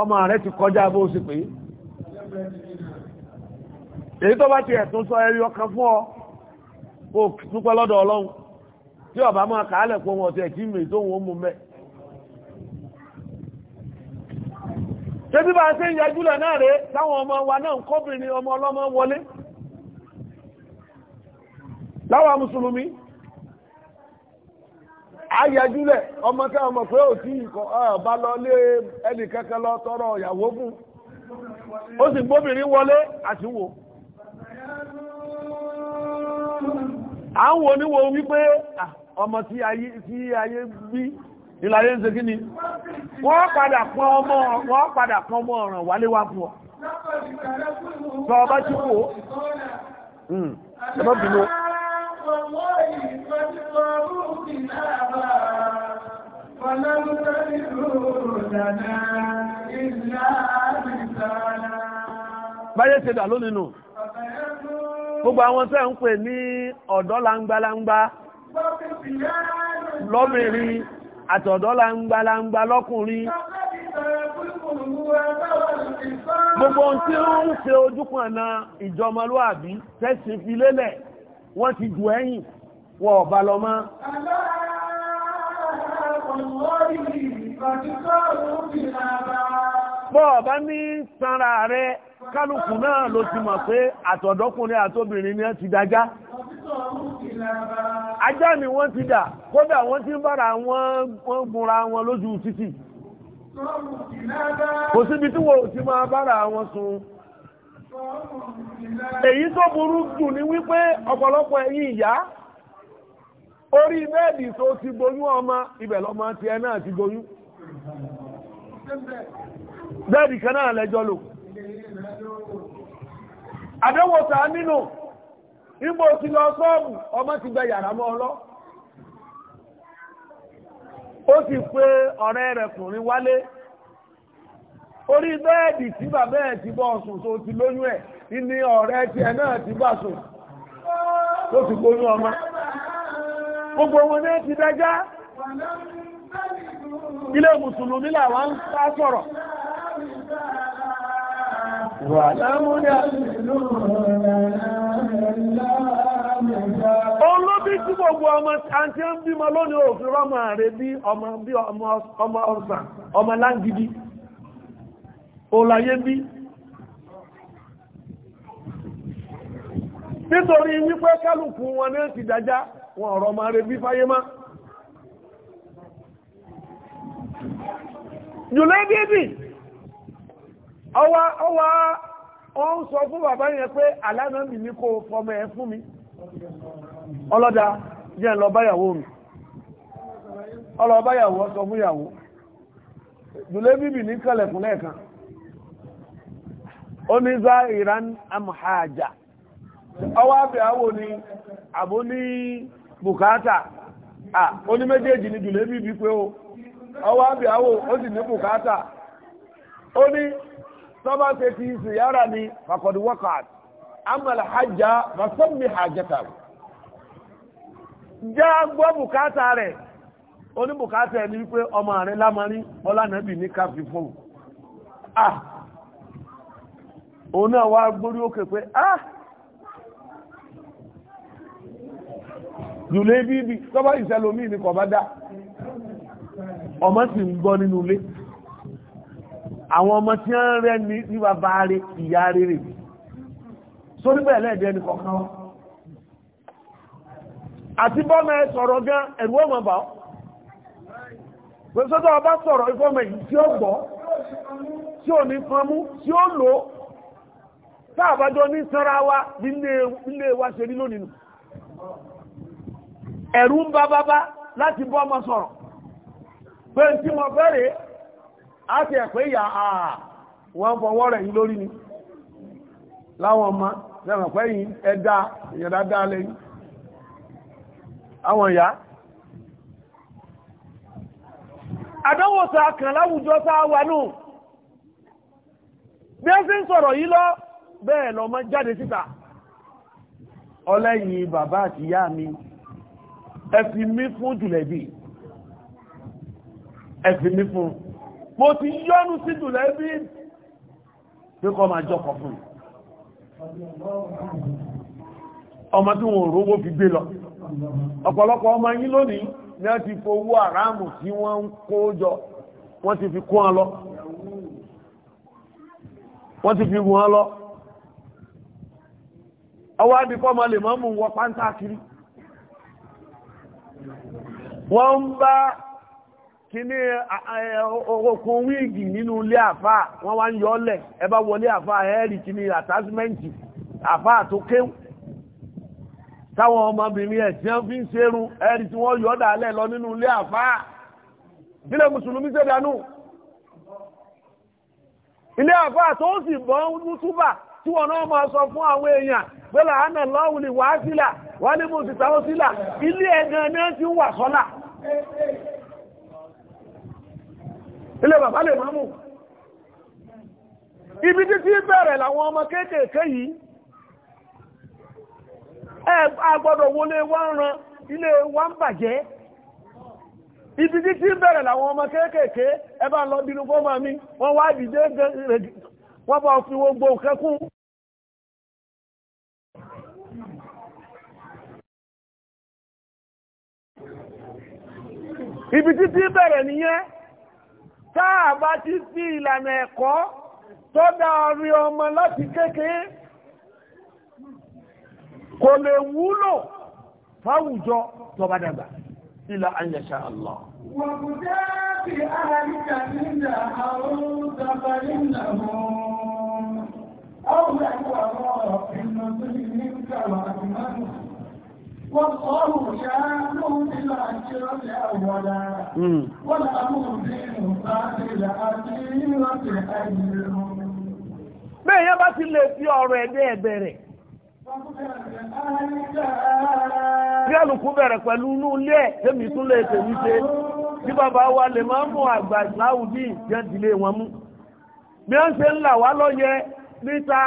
ọmọ rẹ̀ ti kọjá bó sì pé èyí tó bá ti ẹ̀tún sọ ẹrí ọkàn fún ọ kó dúpẹ́ lọ́dọ̀ ọlọ́run tí ọba máa kàálẹ̀ pọ̀ wọn ọ̀tẹ̀ kí mèé tó wọn mú mẹ́ ṣé bí bá ṣe ń yajúlẹ̀ náà rèé táwọn ọmọ wa náà ń kóbìnrin ọmọ ọlọ́mọ wọlé láwa mùsùlùmí ayájúlẹ̀ ọmọ tí a mọ̀ pé ò tí ìkọ̀ bá lọ lé ẹnì kankan lọ tọrọ ìyàwó fún ó sì gbóbìnrin wọlé àti wò à ń wo níwo wípé ọmọ tí ayé bí ìlàyé ń ṣe kí ni wọ́n padà pọn ọmọ wọ́n padà pọn ọmọ ọ̀ràn wálé wá fún ọ sọ ọba tí kò ẹ̀mọ́ bínú lana illa amsala báyé ṣe dà lónìí nù gbogbo àwọn tẹ́ ń pè ní ọ̀dọ́ langbalangba lọ́mìnrin àtọ̀dọ́ langbalangba lọ́kùnrin gbogbo ohun tí ó ń ṣe ojúkan ọ̀nà ìjọmọlúàbí tẹ́sí fi lélẹ̀ wọ́n ti jù ẹ̀yìn wọ́n ọ̀bá lọ mọ́. bọ́ọ̀ bá ní sanra rẹ kálukú náà ló ti mọ̀ pé àtọ̀dọ́kùnrin àtobìnrin ni ti dájá ajá ni wọ́n ti dà kódà wọ́n ti bára wọ́n gunra wọn lójú títì kò síbi tí wọ́n ti máa bára wọn sun. èyí tó burú jù ní wípé ọ̀pọ̀lọpọ̀ ẹ̀yìn ìyá orí bẹ́ẹ̀dì tó ti gboyún ọmọ ibẹ̀ lọ́mọ tiẹ̀ náà ti gboyún bẹ́ẹ̀dì kan náà lẹ́jọ́ lò àdẹ́wòsà nínú ìgbò ti lọ sọ́ọ̀mù ọmọ ti gba yàrá mọ́ ọlọ́ ó ti pé ọ̀rẹ́ rẹ̀ kùnrin wálé orí bẹ́ẹ̀dì tí bàbá ẹ̀ ti bọ́ sùn tó ti lóyún ẹ̀ ní ọ̀rẹ́ tiẹ̀ náà ti bà sùn tó ti gbóyún ọmọ gbogbo wọn ní ti dájá ilé musulumi làwọn ń sá sọ̀rọ̀ Òun ló bí tí gbogbo ọmọ àti ń bímọ lónìí òfin rọ́mọ rẹ̀ bí ọmọ ọ̀sán, ọmọ láńgidi, òlàyé bí. Nítorí wípé kálùkù wọn ní ti dájá, wọn ọ̀rọ̀ ọmọ rẹ̀ bí fáyé máa. jùlẹ́bíbì ọwá ọwá ọ ń sọ fún bàbá yẹn pé àlánà mi ní kó fọmọ ẹ fún mi ọlọ́dá jẹ́ lọ́báyàwó mi ọlọ́báyàwó sọ fún yàwó jùlẹ́bíbì ní kẹlẹ̀kùn lẹ́ẹ̀kan ó ní zá ìran amhaja ọwá bẹ̀ àwò ni àbó ní bùkátà ah ó ní méjèèjì ni jùlẹ́bíbì pé ó ọwọ́ àbíyáwó ó sì ní bùkátà ó ní tọ́bá ṣe ti ṣìyára ni fàkọ̀dù wọ́kàt hajjá fàṣọ́mì hajjata já gbọ́ bùkátà rẹ̀ ó ní bùkátà ẹni wípé ọmọ rẹ̀ lámarí ọlánàbì ní káfí fún ah! òun náà wá gbórí òkè pé ah jùlé bíbí tọ́bá ìṣẹ́lómí ni kọ̀ bá ọmọ sì ń gbọ́ nínú ilé àwọn ọmọ tí wọ́n rẹ́ ní ní bàbá rẹ̀ ìyá rẹ̀ rẹ̀ sórí bẹ́ẹ̀ lẹ́ẹ̀dẹ́ ẹni kọ̀ọ̀kan wá àti bọ́mọ ẹ sọ̀rọ̀ gan ẹ̀rù ọmọ bà ọ́ pẹ̀lú sọ́jọ́ ọba sọ̀rọ̀ ìfọ́mọ wa nílé wa ṣe rí lónìí ẹ̀rù ń bá bá bá láti bọ́mọ sọ̀rọ̀ pé tí mo bẹ̀rẹ̀ á ti ẹ̀pẹ́ ìyà àà wọ́n fọwọ́ rẹ̀ yìí lórí ni láwọn ọmọ lẹ́mọ̀pẹ́ yìí ẹ̀dá ìyẹ̀dádá lẹ́yìn àwọn ìyá àdánwò tó akàn láwùjọ sáà wà nù bí ẹ́ sí ń sọ̀rọ̀ yìí lọ bẹ́ẹ̀ lọ mọ́ jáde síta ọlẹ́yìn bàbá àti ìyá mi ẹ fi mí fún jùlẹ̀bí ẹ̀fìn mi fún mo ti yọ́nu sí jùlẹ́bí pé kọ́ máa jọkọ̀ fún ọmọ tí wọ́n rówó fi gbé lọ ọ̀pọ̀lọpọ̀ ọmọ yín lónìí ni a ti fowó àráàmù tí wọ́n ń kó jọ wọ́n ti fi kó wọn lọ wọ́n ti fi rù wọn lọ ọwọ́ adìpọ̀ ma lè mọ́ mú wọ pántá wọ́n ń bá kíní okun wíìgì nínú ilé àfà wọ́n wá ń yọ ọ́lẹ̀ ẹ bá wọlé àfà ẹ́ẹ̀rì kíní àtásímẹ́ǹtì àfà tó kéwù táwọn ọmọbìnrin ẹ̀ tí wọ́n fi ń ṣerun ẹ́ẹ̀rì tí wọ́n yọ ọ́dà alẹ́ lọ nínú ilé àfà bílẹ̀ mùsùlùmí ṣe dànù ilé àfà tó sì bọ́ ń tí wọ́n náà máa sọ fún àwọn èèyàn pẹ́lá àánà lọ́wùlì wàásílà wálé mọ̀sítàwọ́sílà ilé ilé bàbá lè máa mú ibi títí bẹ̀rẹ̀ làwọn ọmọ kéékèèké yìí ẹ agbọ́dọ̀ wọlé wá ń ran ilé wa ń bàjẹ́ ibi títí bẹ̀rẹ̀ làwọn ọmọ kéékèèké ẹ bá lọ bínú fún ọmọ mi wọ́n wá dìde wọ́n bá fi gbogbo kẹ́kún ibi títí bẹ̀rẹ̀ nìyẹn táà bá ti fi ìlànà ẹ̀kọ́ tó dá orí ọmọ láti kékeré kò lè wúlò fáwùjọ tó bá dàgbà ilá àyẹ̀ṣà Allah. Ọ̀gbẹ̀kọ̀ ọ̀rọ̀ ìmọ̀ tó ní والله كانوا بالعشرة أولا والأمر بالمقابل أخيرة أجرهم bẹ́ẹ̀ yẹn bá ti lè fi ọ̀rọ̀ ẹ̀dẹ́ ẹ̀bẹ̀rẹ̀ bí alùkú bẹ̀rẹ̀ pẹ̀lú inú ilé ẹ̀ tẹ́mi tún lè ṣe bí bàbá wa lè máa mú àgbà ìjẹ́ ìdílé wọn mú bí wọ́n ṣe ń là wá lọ́yẹ níta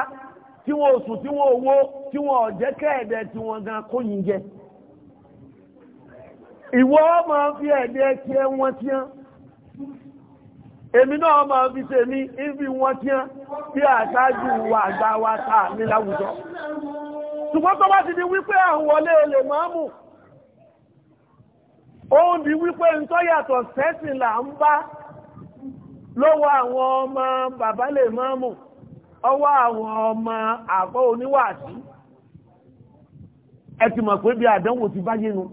tí wọ́n sùn tí wọ́n owó tí wọ́n ọ̀jẹ́ kẹ́ẹ̀dẹ̀ tí wọ́n gan kóyìn jẹ ìwọ máa fi ẹ̀dẹ́ tí ẹ wọ́n tí án èmi náà máa fi ṣe ní ibi tí án bí àṣáájú wà àgbà wa ta ní láwùjọ ṣùgbọ́n tó bá ti di wípé àwọn wọlé olè máa mú òun di wípé ń tó yàtọ̀ sẹ́sìn là ń bá lọ́wọ́ àwọn ọmọ bàbá lè máa mú ọwọ́ àwọn ọmọ àpọ́ oníwàásí ẹ ti mọ̀ pé bí àdánwò ti bá yínu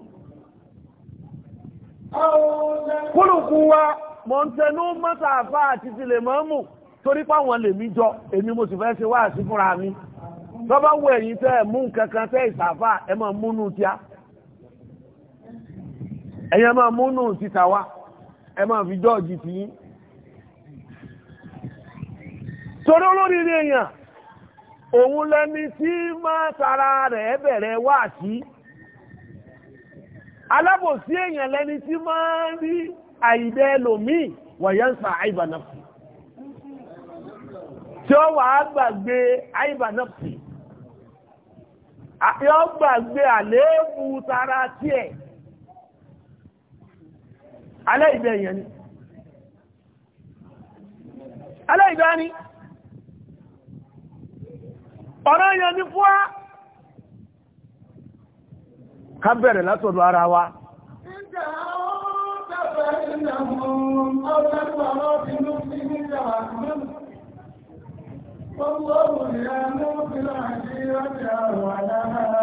kúlùkù wa mọ̀ ń tẹnu mọ́ta àfá àti ti lè mọ́ mù torí páwọn lè mí jọ èmi mo sì fẹ́ ṣe wáàsí fúnra mi tọ́bá wọ ẹ̀yìn tẹ́ mú kankan tẹ́ ìsàfà ẹ máa múnú tí a ẹ̀yẹ máa múnú títà wa ẹ máa fi jọ́ọ̀jì tì yín torí olóríire èèyàn òun lẹni tí máa tara rẹ̀ bẹ̀rẹ̀ wáàsí alábòsí èèyàn lẹni tí máa rí àìdẹ́ lòmíì wàyánsà àìbànàfì tí ó wà gbàgbé àìbànàfì àti ó gbàgbé àléébù tara tiẹ̀ alẹ́ ìbẹ̀ èèyàn ni alẹ́ ni. ọ̀rọ̀ yẹn ní fún wa ká bẹ̀rẹ̀ látọ̀dọ̀ ara wa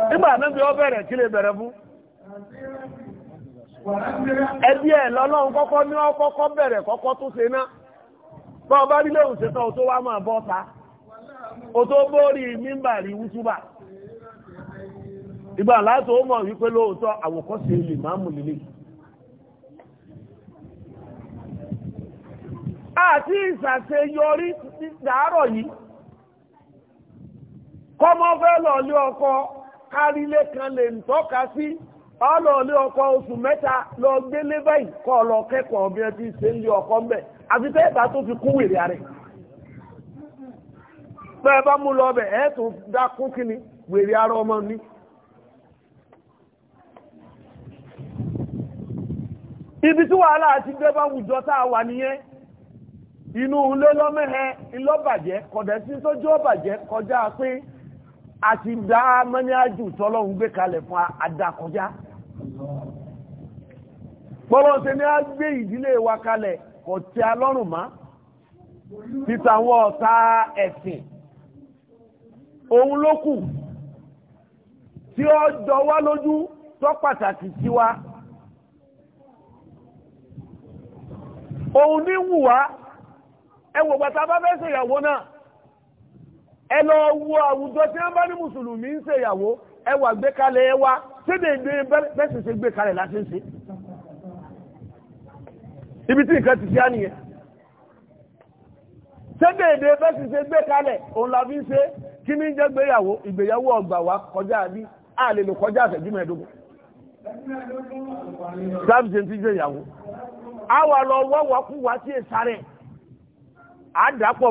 Nígbà níbi ọ bẹ̀rẹ̀ kí lè bẹ̀rẹ̀ fún? Ẹbí ẹ̀ lọ́lọ́run kọ́kọ́ ní bẹ̀rẹ̀ kọ́kọ́ tó náà. Bọ́ bá tó o tó bórí mímbàrí wútúbà ìgbà láti ó mọ̀ wípé lóòótọ́ àwòkọ́sí lè máa mú lílé àti ìsàṣe yọrí dàárọ̀ yìí kọ́mọ́ fẹ́ lọ́ọ̀lé ọkọ kárílé kan lè ntọka tọ́ka sí ọkọ oṣù mẹ́ta lọ gbélé báyìí kọ́ lọ kẹ́kọ̀ọ́ bí ti ṣe ń lé ọkọ ń àfi tẹ́ẹ̀bá tó bẹ́ẹ̀ bá mú lọ bẹ̀ ẹ́ dákún kí ni wèrè ara ọmọ ní ibi tí wàhálà àti gbé bá wùjọ tá a wà nìyẹn inú ilé lọ́mẹ́hẹ ilọ́bàjẹ́ kọ̀dẹ̀ sí tó kọjá pé a ti dá mẹ́ni gbé kalẹ̀ fún a gbé ìdílé wa òun ló kù tí ó jọ wá lójú tó pàtàkì sí wa òun ní wù wá ẹwò bàtà bá fẹ́ ṣèyàwó náà ẹ lọ wo àwùjọ tí wọ́n bá ní mùsùlùmí ń ṣèyàwó ẹwà gbékalẹ̀ ẹwà sídè ìgbé bẹ́sẹ̀ ṣe gbékalẹ̀ láti ń ṣe ibi tí nǹkan ti ṣe á nìyẹn sídè ìgbé bẹ́sẹ̀ ṣe gbékalẹ̀ òun làbí ṣe kí nje jẹ́ gbéyàwó ìgbéyàwó ọgbà wa kọjá bí a lè lò kọjá àṣẹjú mẹ́ẹ̀ẹ́dógún sáàbìsẹ̀ ti jẹ́ ìyàwó a wà lọ wọ́wọ́ kú wá sí ìsàrẹ̀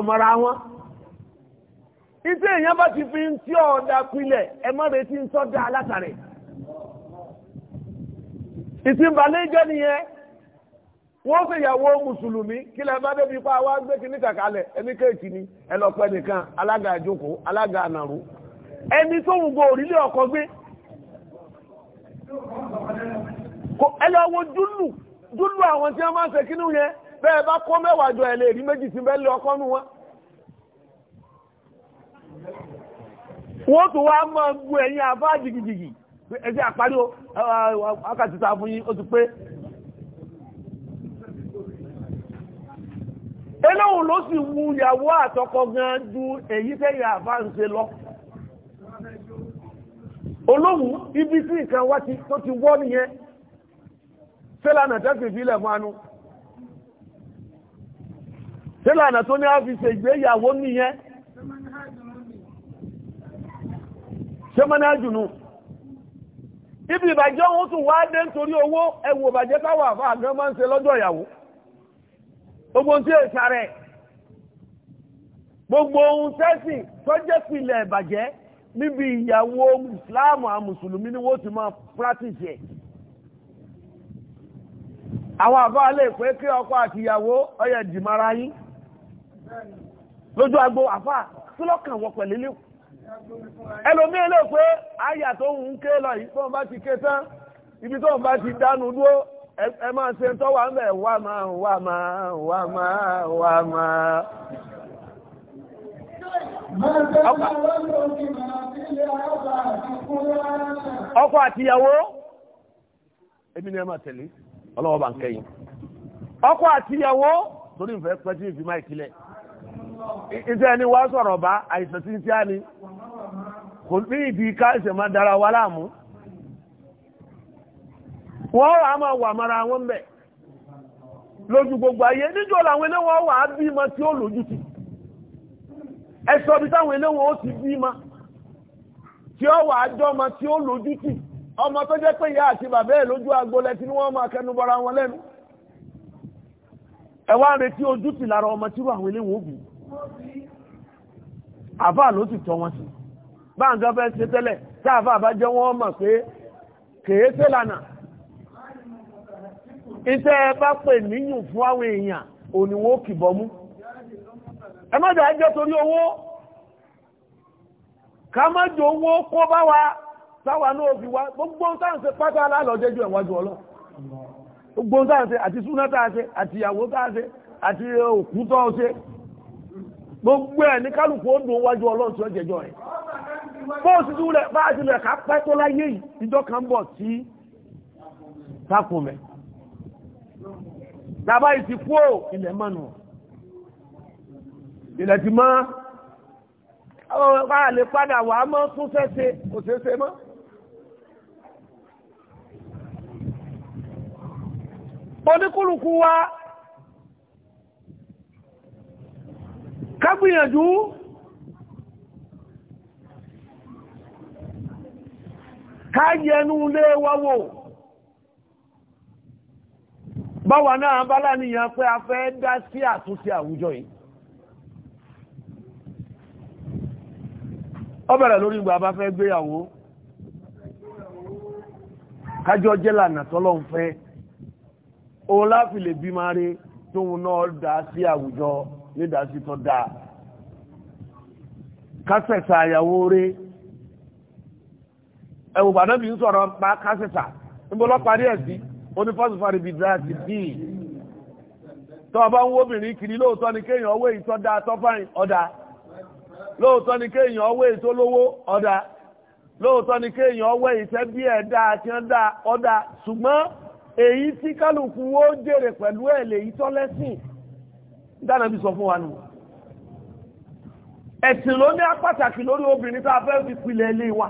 mọ́ra wọn ìtẹ́ èèyàn bá ti fi ń tí ọ̀dà pilẹ̀ ẹ má wọ́n sì yàwó mùsùlùmí kí lè bá débi pa wá gbé kíní kàkálẹ̀ ẹni kéèkì ni ẹlọ́pẹ́ nìkan alága àjókòó alága ànàrú ẹni tó ń go ọkọ̀ gbé ẹlọ́wọ́ júlù júlù àwọn tí wọ́n máa ń ṣe kínú yẹn bá jọ méjì sí lé nù wọn. wọ́n tún wá máa ẹ̀yìn àbá eléhùn ló sì wu ìyàwó àtọkọ gan ju èyí tẹ́yà àfáǹsẹ lọ olóhun ibi tí nǹkan wá tó ti wọ́ níyẹn sílànà tẹ́sì fílẹ̀ fánu tó ní a fi ṣe ìgbéyàwó nìyẹn ṣe mọ́nà ibi ìbàjẹ́ òun tún wá dé nítorí owó ẹwò ìbàjẹ́ táwà gan máa ń gbogbo ohun tí yóò gbogbo ohun tẹ́sìn tó jẹ́ pilẹ̀ ìbàjẹ́ níbi ìyàwó islam ni wọ́n ti máa practice ẹ̀ àwọn àbá lè pé kí ọkọ àti ìyàwó ọyẹ yín lójú agbo àfà tí lọ́kàn wọ pẹ̀lú ilé ẹlòmí ilé pé àyà tó ń ké tán ibi tó ń bá ti ẹ máa ṣe tó wà ń wà máa wà máa wà máa wà máa. ọkọ àtìyàwó èmi ni ẹ máa tẹ̀lé ọlọ́wọ́ bá ń kẹ́yìn ọkọ àtìyàwó torí ìfẹ́ pẹ́ ìfì máa ìkílẹ̀ iṣẹ́ ẹni wá sọ̀rọ̀ bá àìsàn tí ń ṣe á ni kò ní ìdí ká ìṣẹ̀ dára wọ́n wà máa wà mara wọn bẹ̀ lójú gbogbo ayé ọ̀la, àwọn ẹlẹ́wọ̀n wà á ma tí ó lójú ti ẹ̀sọ́ bí táwọn ẹlẹ́wọ̀n ó ti bímọ tí ó wà á ma tí ó lójú ti ọmọ tó jẹ́ pé ìyá àti bàbá ẹ̀ lójú agbolẹ̀ tí wọ́n máa kẹnu bọ́ra wọn lẹ́nu ojú ọmọ tí àwọn ẹlẹ́wọ̀n ó bì àbá tọ́ iṣẹ́ ẹ bá pè níyùn fún àwọn èèyàn òníwó kìbọmú ẹ dájọ́ torí owó ká owó kó bá wa táwa náà fi wá gbogbo pátá aláàlọ́jẹ́jú ẹ̀wájú ọlọ́ gbogbo sáǹsẹ̀ àti súná táàṣẹ àti ìyàwó àti gbogbo ẹ̀ ní kálùkù ó dùn wájú rẹ̀ tàbá ìsì kúò ilẹ̀ mọ́nu ilẹ̀ ti mọ́ àwọn ọ̀pá lè padà wà mọ́ tún fẹ́ṣe kò ṣeéṣe mọ́ oníkúlùkù wa kágbìyànjú ká yẹnu lé wa wò báwa náà bá láníyàn pé a fẹ́ dá sí àtúnṣe àwùjọ yìí bẹ̀rẹ̀ lórí ìgbà bá fẹ́ gbéyàwó kájọ jẹ́ lànà tọ́lọ́n fẹ́ o láfi lè bí máa rí tóun náà dá sí àwùjọ nídásí tó dáa kásẹ̀sà àyàwó rí ẹ̀wùgbà náà bí onífọ́sùfàrí bí dáàtì bí tó bá ń wóbìnrin kiri lóòtọ́ ni kéèyàn owó ìtọ́ da tọ́fàìn ọ̀dà lóòtọ́ ni kéèyàn owó ìtọ́ lówó ọ̀dà lóòtọ́ ni kéèyàn owó ìtẹ́ bí ẹ̀ dáa da wọ́n ṣùgbọ́n èyí tí kálukú ó jèrè pẹ̀lú ẹ̀ lèyí tọ́ lẹ́sìn dáná bí sọ fún wa nù ẹ̀sìn ló ní apàtàkì lórí obìnrin tá a fẹ́ fi pilẹ̀ wa.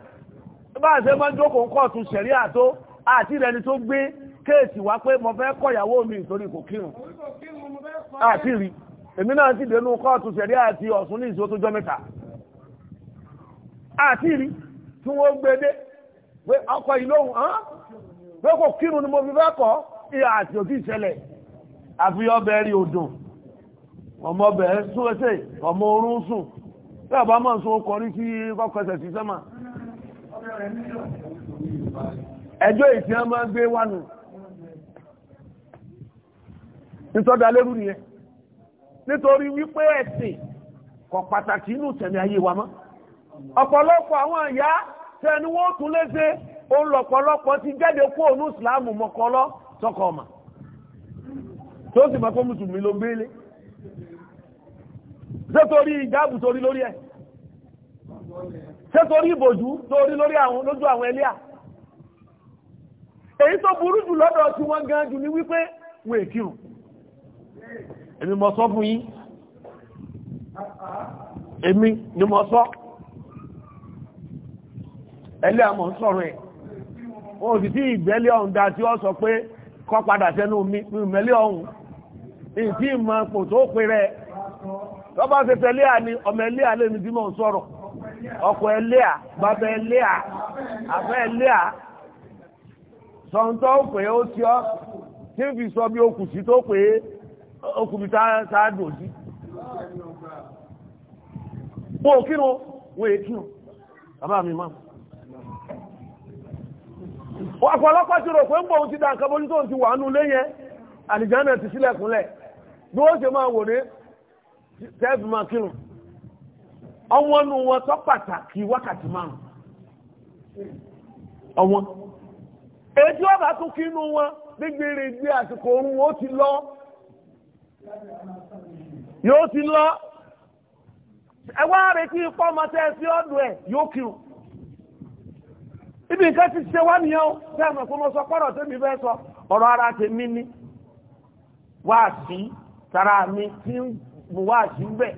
bá ṣe mọ́ jókòó kọ́ọ̀tù ṣẹ̀rí àtó àti ìrẹni tó gbé kéèsì wá pé mo fẹ́ kọ̀yàwó mi nítorí kò kírun àti rí èmi náà ti dénú kọ́ọ̀tù ṣẹ̀rí àti ọ̀sùn ní ìṣó tó jọ mẹ́ta àti rí tí wọ́n gbé dé pé ọkọ̀ yìí lóhùn hàn pé kò kírun ni mo fi fẹ́ kọ́ ìyá àti òtí ìṣẹ̀lẹ̀ àfi ọbẹ̀ rí odùn ọmọ ọbẹ̀ sún ẹsẹ̀ ọmọ orún sùn tí ọba máa ń sun ọkọ̀ rí sí kọ́kọ́ ẹsẹ̀ sí sẹ́mà ẹjọ́ ìfẹ́ ọmọ gbé wà nù nítọ́dá lérú nìyẹn nítorí wípé ẹ̀sìn kò pàtàkì inú tẹ̀mí ayé wa mọ́ ọ̀pọ̀lọpọ̀ àwọn ìyá tẹni wọ́n tún léṣe ti jáde kó òun ìsìláàmù mọ̀kọ́lọ́ tọkọ ọmọ tó sì mọ̀ mùsùlùmí ló gbélé ṣé ìjáàbù ṣé torí ìbòjú torí lórí àwọn lójú àwọn ẹlẹ́à èyí tó burú jù lọ́dọ̀ tí wọ́n gan jù ní wípé wọ́n èkìrùn èmi mọ̀ sọ fún yín èmi ni mọ̀ sọ ẹlẹ́ àmọ̀ ń sọ̀rọ̀ ẹ̀ o sì tí ìgbẹ́lẹ̀ ọ̀hún dá tí ó sọ pé kọ́ padà sẹ́nu mi ìmẹ́lẹ̀ ọ̀hún ìtí ìmọ̀ pò tó pè rẹ̀ lọ́bàá ṣe tẹ̀lé àní ọmọ ẹlẹ́ àlẹ́ mi tí mọ̀ ń sọ̀rọ̀ ọkọ ẹlẹ́ à bàbá ẹlẹ́ à àbẹ́ ẹlẹ́ à sọ̀ǹtọ́ ó pè é ó tí ọ́ tí ń fi sọ bí okùn sí tó pè é okùn mi tá dò sí. bó kírun wo èé kírun bàbá mi máa. ọ̀pọ̀ ọlọ́pàá ti rò pé ń bọ̀ ohun ti dà nǹkan bójú tó ń ti wà nù lé yẹn àlìjáná ti sílẹ̀kùnlẹ̀ bí ó ṣe máa wò ní tẹ́ẹ̀fì máa kírun. ọwọ́n nu wọn tó pàtàkì wákàtí márùn ọwọ́n ọba tó kí inú wọn gbígbèrè gbé àsìkò oorun ó ti lọ yóò ti lọ ẹwà retí ipọ́ ọmọọtẹ́ sí ọdún ẹ yóò kírun ibi nǹkan ti ṣe wá nìyẹn o sọ pọ́rọ̀ tẹ́mi fẹ́ sọ ọ̀rọ̀ ara tèmi ni wáàsí tara mi tí mo wáàsí ń bẹ̀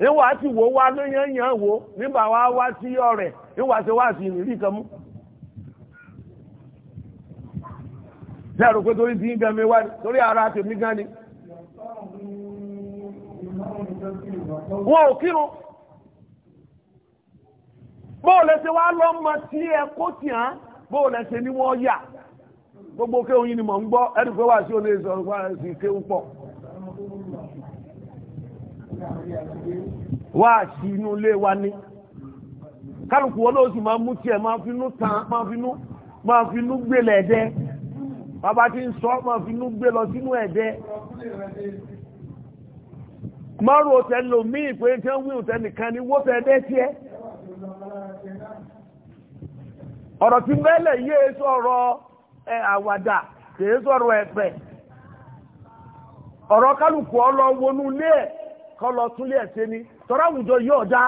níwà tí wo wá lóyányán wo nígbà wá wá sí ọ̀rẹ́ níwà tí wá sí ìrírí kan mú lẹ́rù pé torí tí ń gan mi wá ní torí ara tèmi gan ni wọn ò kírun bóòlẹ̀ ṣe wá lọ́mọ tí ẹ kó tì án bóòlẹ̀ ṣe ni wọ́n yà gbogbo kéhun yìí ni mọ̀ ń gbọ́ ẹ̀rù pé wà sí olè sọ̀rọ̀ wá sí kéhun pọ̀ wá àṣì inú ilé wa ní kálukú wọn lóòsì máa mú tiẹ̀ máa finú tàn máa finú máa finú gbé lẹ́ẹ̀dẹ́ bàbá tí ń sọ máa finú gbé lọ sínú ẹ̀dẹ́ márùn òtẹ́ lò mí ìpé tí ń wí òtẹ́ nìkan ni wó fẹ́ dẹ́ sí ẹ́ ọ̀rọ̀ tí mẹ́lẹ̀ yéé sọ̀rọ̀ àwàdà kìí sọ̀rọ̀ ẹ̀pẹ̀ ọ̀rọ̀ kálukú ọlọ́wọ́nú lé ẹ̀ kọ́ lọ túnlé ẹ̀ sí tọ́rọ àwùjọ yóò dá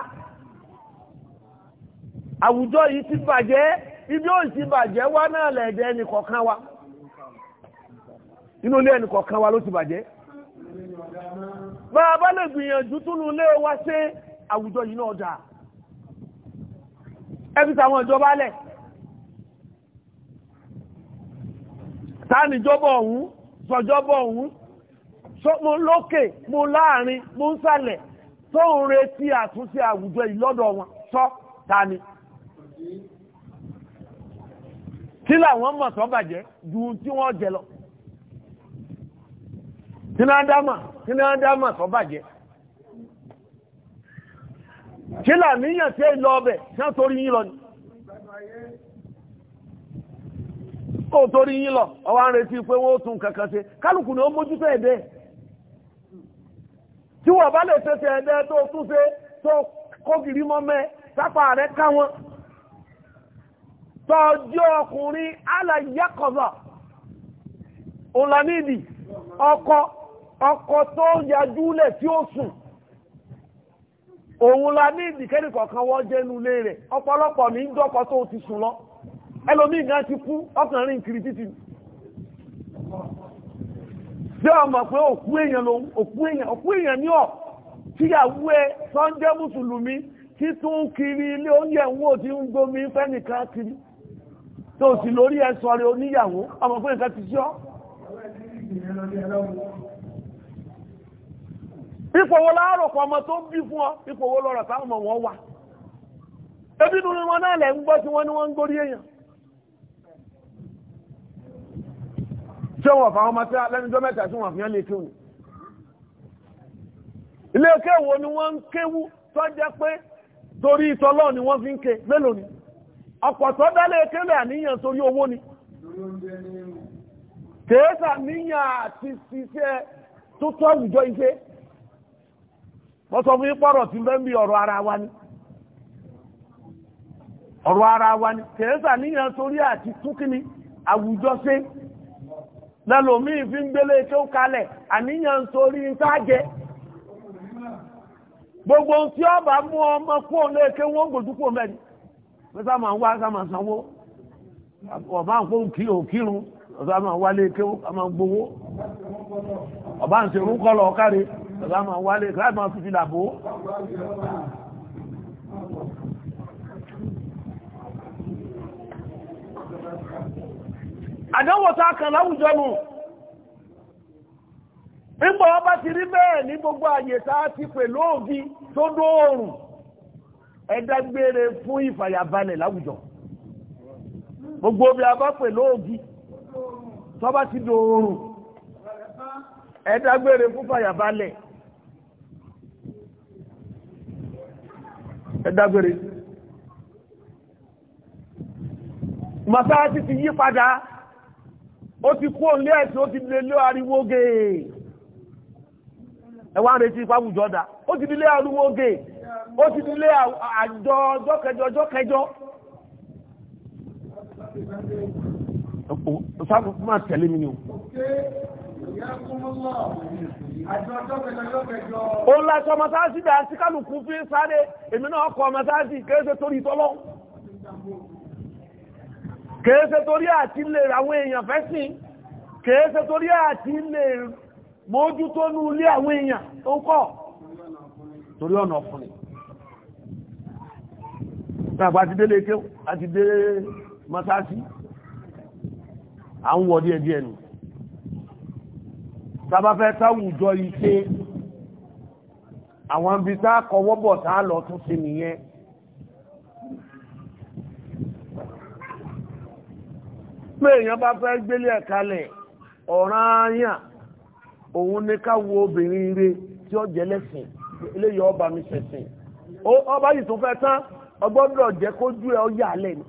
àwùjọ yìí ti bàjẹ́ ibi ó ti bàjẹ́ wá náà lẹ̀dẹ̀ ẹnìkọ̀ọ̀kan wa inú ilé ẹnìkọ̀ọ̀kan wa ló ti bàjẹ́ máa bá lè gbìyànjú túnú ilé wa ṣe àwùjọ yìí náà dá ẹbí tàwọn ìjọba lẹ̀ tánìjọba ọ̀hún sọjọba ọ̀hún mo lókè mo láàrin mo ń sàlẹ̀ tó ń retí àtúnṣe àwùjọ ìlọ́dọ̀ wọn sọ tani kí làwọn mọ̀ tó bàjẹ́ ju tí wọ́n jẹ lọ kí náà dámà kí náà dámà tó bàjẹ́ làníyàn tí lọ ọbẹ̀ tí wọ́n torí yín lọ ni ó torí yín lọ ń retí pé wọ́n tún kankan ni ó mójútó tí wọ́n bá lè tẹ́sẹ̀ ẹ̀dẹ́ tó túnṣe tó kógìrí mọ́mẹ́ sápá rẹ̀ káwọn tọ́jú ọkùnrin aláyẹ́kọ̀ọ́lá ọ̀làníìdì ọkọ ọkọ tó yajúlẹ̀ tí ó sùn òun la ní ìdíkẹ́rì kọ̀ọ̀kan wọ́n jẹ́nu lé rẹ̀ ọ̀pọ̀lọpọ̀ ní dọ́kọ tó ti sùn lọ ẹlòmíì gan ti kú ọkùnrin kiri títì tí wọ́n mọ̀ pé òkú èèyàn ló òkú èèyàn òkú èèyàn ní ọ̀ tíyàwó ẹ sọ́njẹ́ mùsùlùmí títún kiri ilé oúnjẹ wo ti ń gbomi fẹ́nìkan kiri tó sì lórí ẹ sọ̀rọ̀ oníyàwó ọmọ pé nǹkan ti ṣọ́ ìpòwò láàrùkọ ọmọ tó bí fún ọ ìpòwò lọ́rọ̀ táwọn ọmọ wọn wà ebínú wọn náà lẹ́ ń gbọ́ tí wọ́n ní wọ́n ń gorí èèyàn tí wọ́n fà wọn mọ́tí lẹ́nudọ́ mẹ́ta tí wọ́n fi hàn lè kéwù ilé kéwù ni wọ́n ń kéwù tó jẹ́ pé torí ìtọ́lọ́ ni wọ́n fi ń ké mélòó ni ọ̀pọ̀ tó dálé kéwù àníyàn torí owó ni kèésà níyàn àti ṣiṣẹ́ tó tó àwùjọ iṣẹ́ wọ́n sọ fún ipọ́rọ̀ tí bẹ́ẹ̀ ń bí ọ̀rọ̀ ara wa ni ọ̀rọ̀ ara wa ni kèésà níyàn torí àti túnkìní àwùjọ ṣe lẹ́lòmí fi ń gbélé tó kalẹ̀ àníyàn sórí sáàjẹ́ gbogbo tí ó bá mú ọmọ kó lé ké wọ́n gbòdú kó mẹ́rin pẹ́sà máa ń wá sá máa sanwó ọba ń kó kí òkírun ọba máa wálé ké wọ́n máa gbowó ọba ń serú kọ́lọ̀ ọ̀kárí ọba máa wálé ké láti máa fi fi Thank you àdánwò tá a kàn láwùjọ nù nígbà wọn bá ti rí bẹ́ẹ̀ ní gbogbo àyè tá a ti pè lóògì tó dóòrùn ẹ̀dá gbére fún ìfàyàbalẹ̀ láwùjọ gbogbo bí a bá pè lóògì tó bá ti dóòrùn ẹ̀dá gbére fún ìfàyàbalẹ̀ ẹ̀dá gbére masáàtì ti yí padà ó ti kú òun lé ẹ̀sìn ó ti lè lé ariwo gèè ẹwà retí ìpáwùjọ dà ó ti di ariwo ó ti di àjọ ọjọ́ kẹjọ ọjọ́ kẹjọ máa tẹ̀lé mi ni o ó láti ọmọ sí kèése torí àti lè àwọn èèyàn fẹ́ sí kèése torí àti lè mójútó ní ilé àwọn èèyàn tó ń kọ́ torí ọ̀nà ọkùnrin tàbí àti délé kéw àti dé mọ́sáàsì à ń wọ díẹ̀ díẹ̀ nù táwùjọ iṣẹ́ àwọn ibi tá kọwọ́bọ̀ tá lọ tún sí nìyẹn pé èèyàn bá fẹ́ gbélé ẹ̀ ọ̀ràn ayàn òun ni ká wo obìnrin rere tí ó jẹ́ lẹ́sìn eléyìí ọba mi ṣẹ̀sìn ọba yìí tó fẹ́ tán ọgbọ́dọ̀ jẹ́ kó ẹ ọyà alẹ́ ni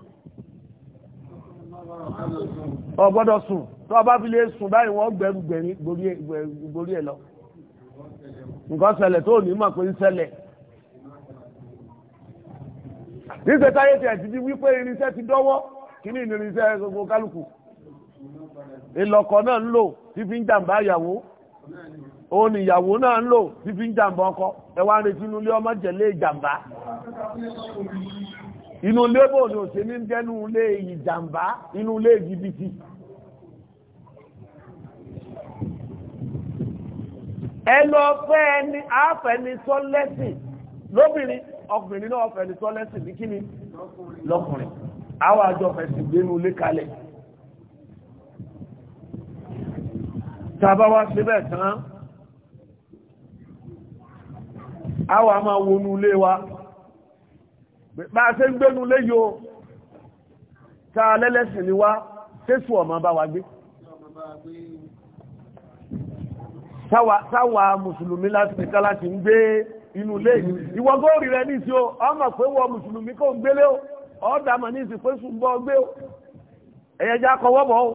ọgbọ́dọ̀ sùn fi lè sùn báyìí wọ́n gborí ẹ lọ nǹkan ṣẹlẹ̀ tó ní mọ̀ pé ń ti ti dọ́wọ́ kíní ìnirinṣẹ́ gbogbo kálukú ìlọ̀kọ̀ náà ń lò fífi ń jàǹbá ìyàwó òun ìyàwó náà ń lò fífi ń jàǹbá ọkọ ẹ wá ń retí inú ilé ọmọ jẹ̀lé ìjàǹbá inú ilé bò ní òṣèlú ń jẹ́nu ilé ìjàǹbá inú ilé jìbìtì. ẹ lọ fẹ́ ẹni àáfẹ́ni sọ́lẹ́sìn lóbìnrin ọkùnrin náà ọ̀fẹ́ni sọ́lẹ́sìn ní kíni lọ́kùnrin àwọn àjọ fẹ̀sì gbénú lé kalẹ̀ tàbá wá síbẹ̀ tán àwọn a máa wọnú lé wa bá a ṣe ń gbénú lé yóò ta lẹ́lẹ́sìn ni wá tẹ́sù ọmọ bá wa gbé sáwà mùsùlùmí láti pẹ̀ká láti ń gbé inú lé ìwọ̀gọ́ òrìrẹ́ ní sí ọmọ pé mùsùlùmí kò ń gbélé o ọ̀dà ma ní ìsìnkú ṣùgbọ́n gbé o ẹ̀yẹ̀já kọwọ́ bọ̀ o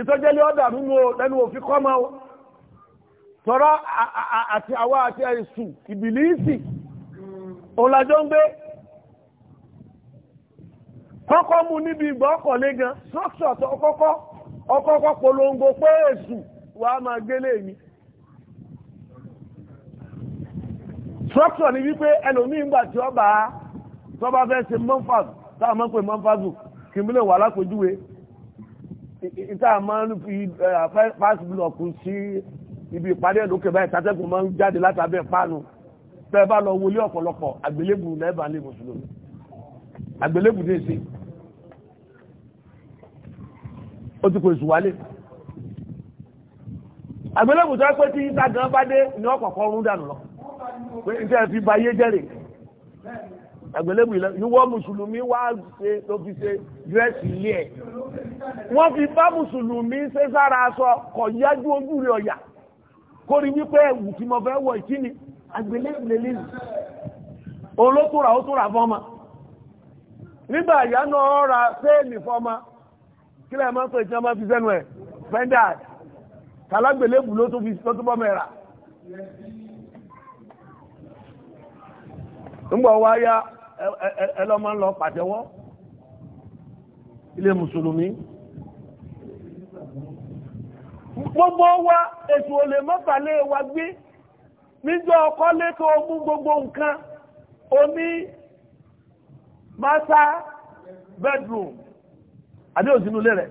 ìtọ́jẹ́lé nínú lẹ́nu òfin kọ́ máa o àti àwa àti èṣù ìbìlísì òlàjọ́ ń gbé kọ́kọ́ mú níbi ìgbọ́ ọkọ̀lé gan structure tó ọkọ́kọ́ polongo pé máa gbélé ọ bàá tó bá fẹ́ ṣe mọ́fàzù táà máa ń pè mọ́fàzù kì mí lè wà lápèjúwe táà máa ń fi fásitì búlọ̀kù sí ibi ìpàdé ìlókè báyìí tàtẹ́kùn máa ń jáde látàbẹ́ pánu tẹ́ bá lọ wọlé ọ̀pọ̀lọpọ̀ àgbélébù lẹ́bà lè mùsùlùmí àgbélébù dé sí ó ti kò èsù wálé àgbélébù tó pé tí ìta gan bá dé ní ọ̀pọ̀pọ̀ ọrún dànù lọ pé ìtẹ́ fi ba yé jẹ́rìí àgbélébù ilẹ̀ ìwọ mùsùlùmí wá ṣe ló fi ṣe dírẹ́sì ilé ẹ̀ wọ́n fi bá mùsùlùmí ṣe sára aṣọ kọ̀ yájú ojú rẹ̀ ọ̀yà kó rí wípé ẹ̀wù tí mo fẹ́ wọ̀ ìkíni àgbélébù lélẹ́yìn òun ló tóra ó tóra fọ́mọ nígbà ìyá náà ra séèlì fọ́mọ kí lẹ́ẹ̀ máa ń pè tí wọ́n máa fi sẹ́nu ẹ̀ fẹ́ndàd tàlágbélébù ló tó fi ń ẹlọ́mọ ń lọ pàtẹ́wọ́ ilé mùsùlùmí gbogbo wa ètò olè mọ́fàlẹ́ wa gbé níjọ́ ọkọ́ lẹ́kọ́ mú gbogbo nǹkan oní master bedroom adé òsínú lé rẹ̀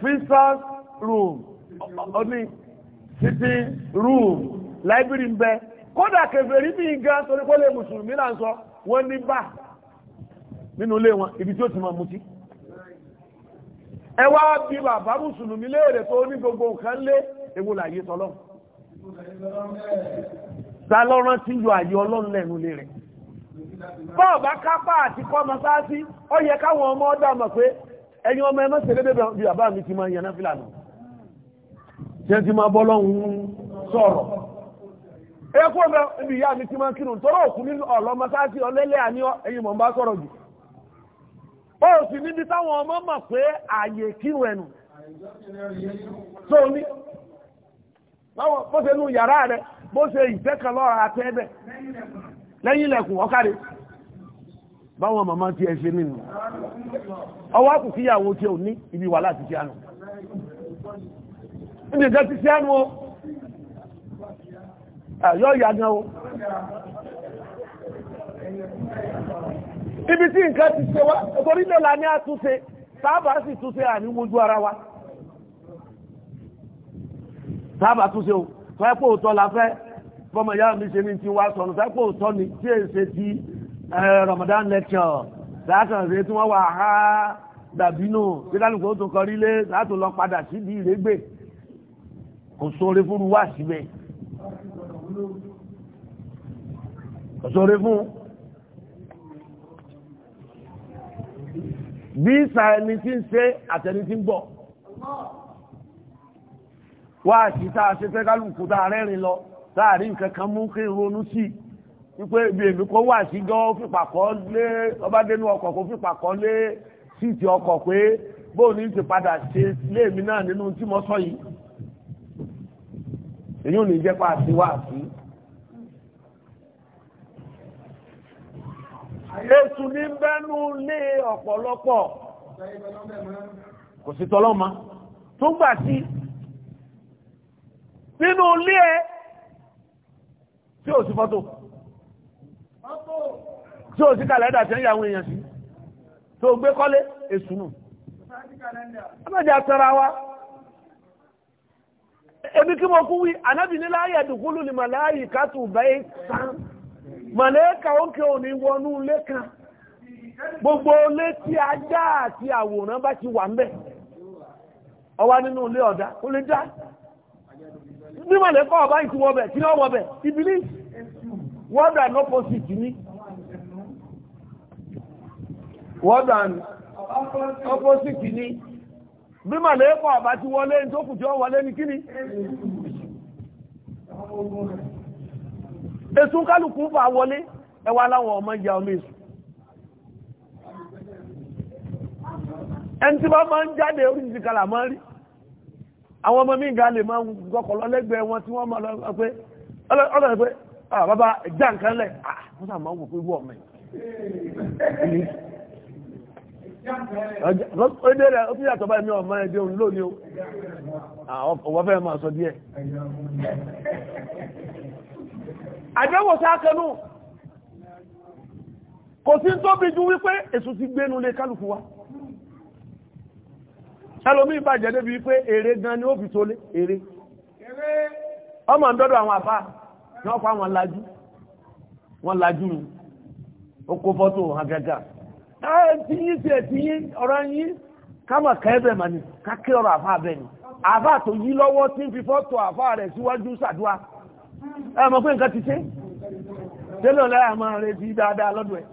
princess room oní sitting room library ń bẹ kódà kèfèrí bí gan torí kó lè mùsùlùmí sọ wọ́n ní bá nínú ilé wọn ibi tí ó ti máa mutí ẹ wá bí bàbá mùsùlùmí léèrè tó ní gbogbo nǹkan lé ewu làyé tọ́lọ́ sálọ́rán tí yọ àyè ọlọ́run lẹ́nu ilé rẹ̀ bọ́ọ̀ kápá àti kọ́ ọmọ sáásí ó yẹ káwọn ọmọ ọdọ àmọ̀ pé ẹ̀yin ọmọ ẹmọ́ sẹ̀lẹ́dẹ̀ bí bàbá mi ti máa yẹn náà fìlànà tí ẹ ti máa bọ́ lọ́hùn sọ̀rọ̀ ẹ ọmọ ibi ìyá mi ti máa ń kírun tọrọ òkú nínú ọ̀lọ́ mọ́sáàsì ọlẹ́lẹ́ àní ẹ̀yìn mọ̀ ń jù ó sì níbi táwọn ọmọ mọ̀ pé ààyè kírun ẹnu tó ní bó ṣe nú yàrá rẹ bó ṣe ìfẹ́kàn lọ́ra àtẹ́ẹ̀bẹ̀ lẹ́yìn ilẹ̀kùn ọ̀kárẹ́ báwọn màmá tí ẹ ṣe nínú ọwọ́ kù kíyàwó tí ò ní ibi wà láti ṣe ibi ìjọ ti ṣe àánú o Ah, yọ́ ya gan o ibi tí nǹkan ti ṣe wá torí náà la ní àtúnṣe sáàbà sì túnṣe àní wojú ara wa sáàbà túnṣe o fẹ́pọ̀ òtọ́ la fẹ́ bọ́mọ ìyá mi ṣe ní ti wá sọ̀nù fẹ́pọ̀ òtọ́ ni tí è ṣe ti Ramadan lecture sáàkàn rẹ̀ tí wọ́n wà á dàbí nù tí kálukú ó tún kọrí lé sáàtún lọ padà síbi ìrégbè kò sóore fúru wá síbẹ̀ ọ̀ṣọ́rẹ́ fún bí ìsà ẹni tí ń ṣe àtẹni tí ń bọ̀ wá àti tá a ṣe fẹ́ kálùkù tá a rẹ́rìn lọ láàrin nǹkan kan mú kí ronú sí wípé ibi èmi kó wà sí gan fìpàkọ́ lé ọba dénú ọkọ̀ kó fìpàkọ́ lé síìtì ọkọ̀ pé bóun ní ti padà ṣe léèmí náà nínú tí mo sọ yìí èyí ò ní jẹ́ pa àti wá àti. Èsù ní bẹ́nu lé ọ̀pọ̀lọpọ̀. Kò sí tọ́lọ́mọ. Túgbà sí nínú ilé ẹ tí ò sí fọ́tò. Tí ò sí kàlẹ́dà tí ń yàwó èèyàn sí. Tó gbé kọ́lé èsù nù. Ọmọdé àtọ́ra wa. ebikima okuwi anabi ni laaya dukulu ni malaayi katu bayi san malaika oke oni wọnú ule kan gbogbo ule ti aja ti awòrán bá si wà mbẹ ọwa nínú ule ọdá ule dá bí malaika ọba yìí ti wọ bẹ kini ọwọ bẹ ibili world and opposite ni world and bí màlẹ́kọ̀ àbá ti wọlé ní tó kù tí ó wọlé ní kíni èsù kálùkù fà wọlé ẹwà láwọn ọmọ ìyá ọmọ èsù ẹni tí bá máa ń jáde oríṣìí kalà máa rí àwọn ọmọ míga lè máa ń gọkọ̀ lọ́lẹ́gbẹ̀ẹ́ wọn tí wọ́n máa lọ pé ọlọ́rẹ̀ pé ah, ọdẹ rẹ ó fi yàtọ̀ báyìí mi ò mọ ẹdẹ òun lónìí o ọwọ́ fẹ́ máa sọ díẹ̀. àdéhùn sáàkẹnù kò sí tóbi ju wípé èso ti gbénu lé kálukú wa ẹlòmí ìbàjẹ́ débi wípé èrè gan ni ó fi tó lé èrè ọmọ ń dọ́dọ̀ àwọn àfáà náà kọ́ àwọn lajú wọ́n lajú ni ó kó fọ́tò hàn Ah, tí yín sí ẹ̀tí yín ọ̀rọ̀ yín kámọ̀ kẹ́ẹ̀bẹ̀ mà ní kákẹ́ ọ̀rọ̀ àfáà bẹ́ẹ̀ ni àfáà tó yí lọ́wọ́ tí ń fi fọ́tò àfáà rẹ̀ síwájú sàdúà ẹ mọ̀ pé nǹkan ti ṣe tẹ́lẹ̀ ọ̀lẹ́ àmọ́ rẹ̀ ti dáadáa lọ́dọ̀ ẹ̀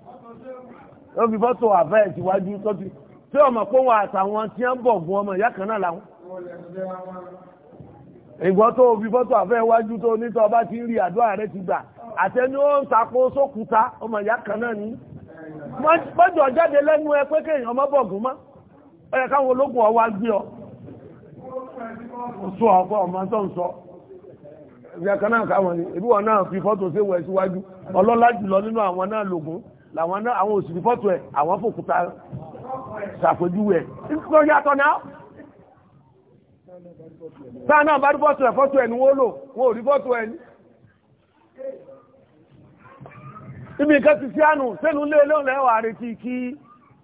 ó fi fọ́tò àfáà ẹ̀ síwájú tọ́tù tí ọmọ pé wọn àtàwọn tí ń bọ̀ gun ọmọ ìyá kan náà làwọn ìgbọ́n tó fi fọ́tò àfáà iwájú tó nítọ́ bá ti rí àdúrà rẹ̀ ti gbà àtẹni ó ń takò sókúta ọmọ ìyá kan náà ní mọ́jọ̀ jáde lẹ́nu ẹ pé kéèyàn mọ́ bọ̀gùn mọ́ ẹ̀yẹ káwọn ológun ọwá gbé ọ sọ ọ̀pọ̀ ọmọ tó ń sọ ìyàkan náà káwọn ni ìbí wọn náà fi fọ́tò sí wẹ̀ síwájú ọlọ́lá jùlọ nínú àwọn náà lògùn làwọn náà àwọn òsì fọ́tò ẹ̀ àwọn fòkúta ṣàpèjúwe ẹ̀ ni wọ́n lò wọ́n ibi ìkẹ́ ti sí àánú sẹ́nu lé lóun lẹ́wà retí kí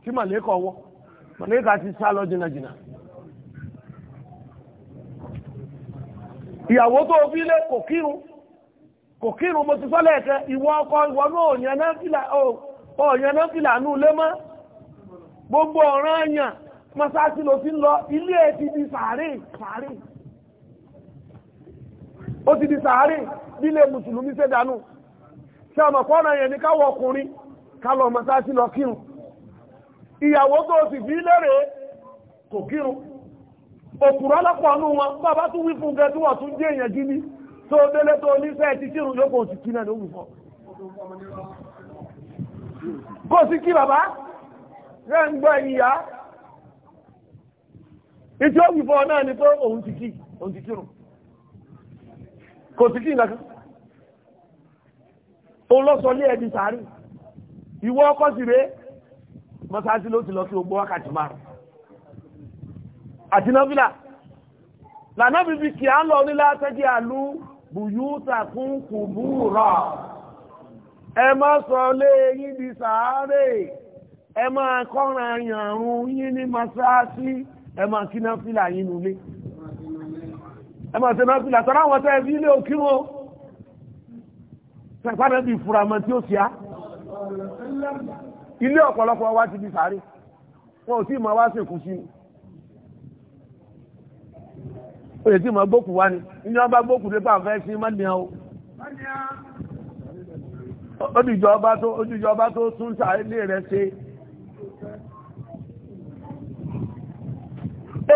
kí màlẹ́kọ̀ wọ́ màlẹ́kà ti sá lọ jìnnàjìnnà. ìyàwó tó fi lé kò kírun kò kírun mo ti sọ́lẹ̀ ẹ̀kẹ́ ìwọ ọkọ ìwọ náà òyìn náà fìlà nù lé mọ́ gbogbo ọ̀ràn àyàn mọ́sáàsì ló ti ń lọ ilé ẹ̀ ti di sàárè sàárè ó ti di sàárè bí mùsùlùmí ṣe ṣe ọmọ pọ́nà yẹn ní káwọ ọkùnrin kálọ ọmọ sáà sí lọ kírun ìyàwó tó sì fi lérè kò kírun òkúrọ́ lọ́pọ̀ ọ̀nù wọn bàbá tún wí fún gẹ tí wọ́n tún jẹ́ èèyàn tó délé tó ti yóò kò sí kí bàbá rẹ̀ ń gbọ́ ìyá ìtí ó wì náà ni òun ti olóṣọlé ẹbí sàárì ìwọ ọkọ sí rẹ mọ́sáàsì ló ti lọ sí ogbó wákàtí márùn àti nọ́bílà lànà bíbí kì á lọ nílá tẹ́jì àlú bùyúta fún kùbúrọ̀ ẹ má sọ lé yín di sàárè ẹ má kọ́ra yàrún yín ní mọ́sáàsì ẹ má kí nọ́bílà yín nulé ẹ má ṣe nọ́bílà tọ́ra àwọn tẹ́ ẹ ilé òkírun sàpàdé bíi furamọ tí ó ṣe á ilé ọ̀pọ̀lọpọ̀ wa ti di sáré wọn ò tí ma wá sìnkú sí ni ó yẹ tí ma gbókù wá ni ní wọn bá gbókù dé pàǹfẹ́ sí mọ́nìyàn o ojújọba tó ojújọba tó tún sáré rẹ̀ ṣe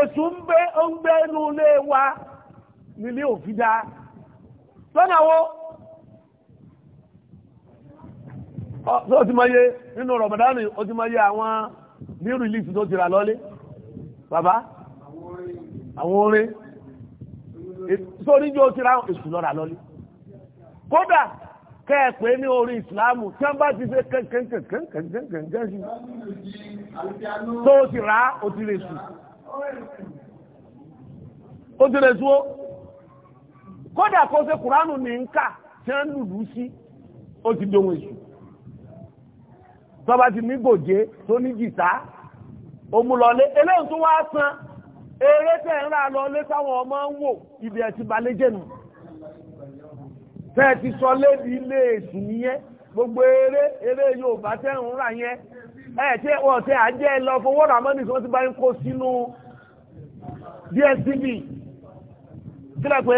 èsù ń gbé ń gbé inú ilé wa nílé òfin dá lọ́nà wo. ó ti máa yé nínú rọ̀mọ̀dánù ó ti máa yé àwọn ní rìlíìsì tó ti rà lọ́lé bàbá àwọn orin sóríjó ti ra èsù lọ́ra lọ́lé kódà kẹ́ẹ̀pẹ́ ní orí ìsìláàmù tí wọ́n bá ti ṣe kẹ́kẹ́kẹ́kẹ́kẹ́kẹ́kẹ́ sí tó o ti rà á o ti rè sùn ó ti rè sùn ó kódà kó ṣe kùránù ní ń kà tí wọ́n lùlù sí ó ti dohun èsù tọ́ba ti ní gòjé tó ní jìtá òmùlọ́lé eléyìí tó wá san eré tẹ̀ ń rà lọ lé táwọn ọmọ ń wò ibi ẹ̀ ti balẹ̀ jẹ̀nu tẹ́ ti sọ lébi ilé èṣù nìyẹn gbogbo eré eré Yorùbá tẹ́ ń rà yẹn ẹ̀ tẹ́ ọ̀tẹ́ àjẹ́ lọ fowó rà tí wọ́n ti bá ń kó sínú DSTV kílẹ̀ pé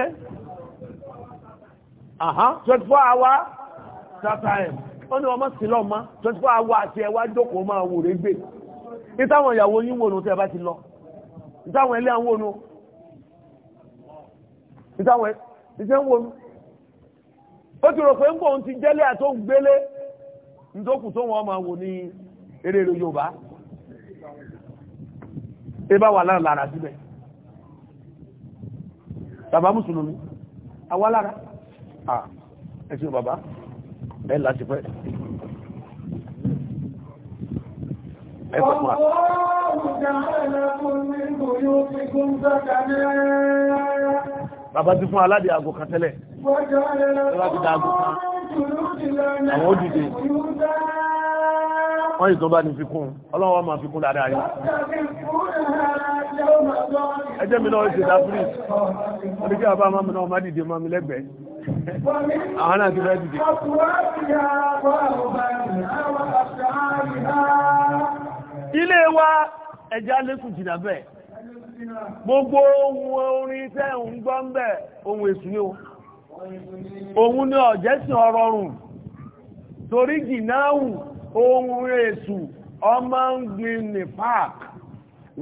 twenty four hour start time ó ní ọmọ sílọ̀ mọ́ tó ti fọ́ àwọ àti ẹwà jókòó máa wò rẹ̀ gbé ìtàwọn ìyàwó yín wò nù tẹ́ bá ti lọ ìtàwọn ilé àwọn ònù ìtàwọn ìṣẹ́ ń wonú ó ti rò pé ń bòun ti jẹ́lé àti òun gbélé nítòkù tó wọn máa wò ní eré ìlú Yorùbá ẹ bá wà lára síbẹ̀ bàbá mùsùlùmí àwa lára ẹ̀sìn bàbá ẹ láti pẹ́ bàbá ti fún aládé àgò kan tẹ́lẹ̀ àwọn òdìdè wọ́n ìtọ́ bá ní fikún ọlọ́wọ́ máa fikún dáadáa yìí ẹjẹ́ mi náà ṣe dáfírí oníkẹ́ àbá máa mi náà má dìde máa mi lẹ́gbẹ̀ẹ́ àwọn náà ti dìde. ilé wa ẹja lékùn bẹ́ẹ̀ gbogbo ohun orin tẹ́ ń gbọ́ ń bẹ̀ ohun èsù ni o òun ni ọ̀jẹ́sìn ọrọ̀rùn torí jìnnáwù ohun èsù ọmọ ń gbin ní park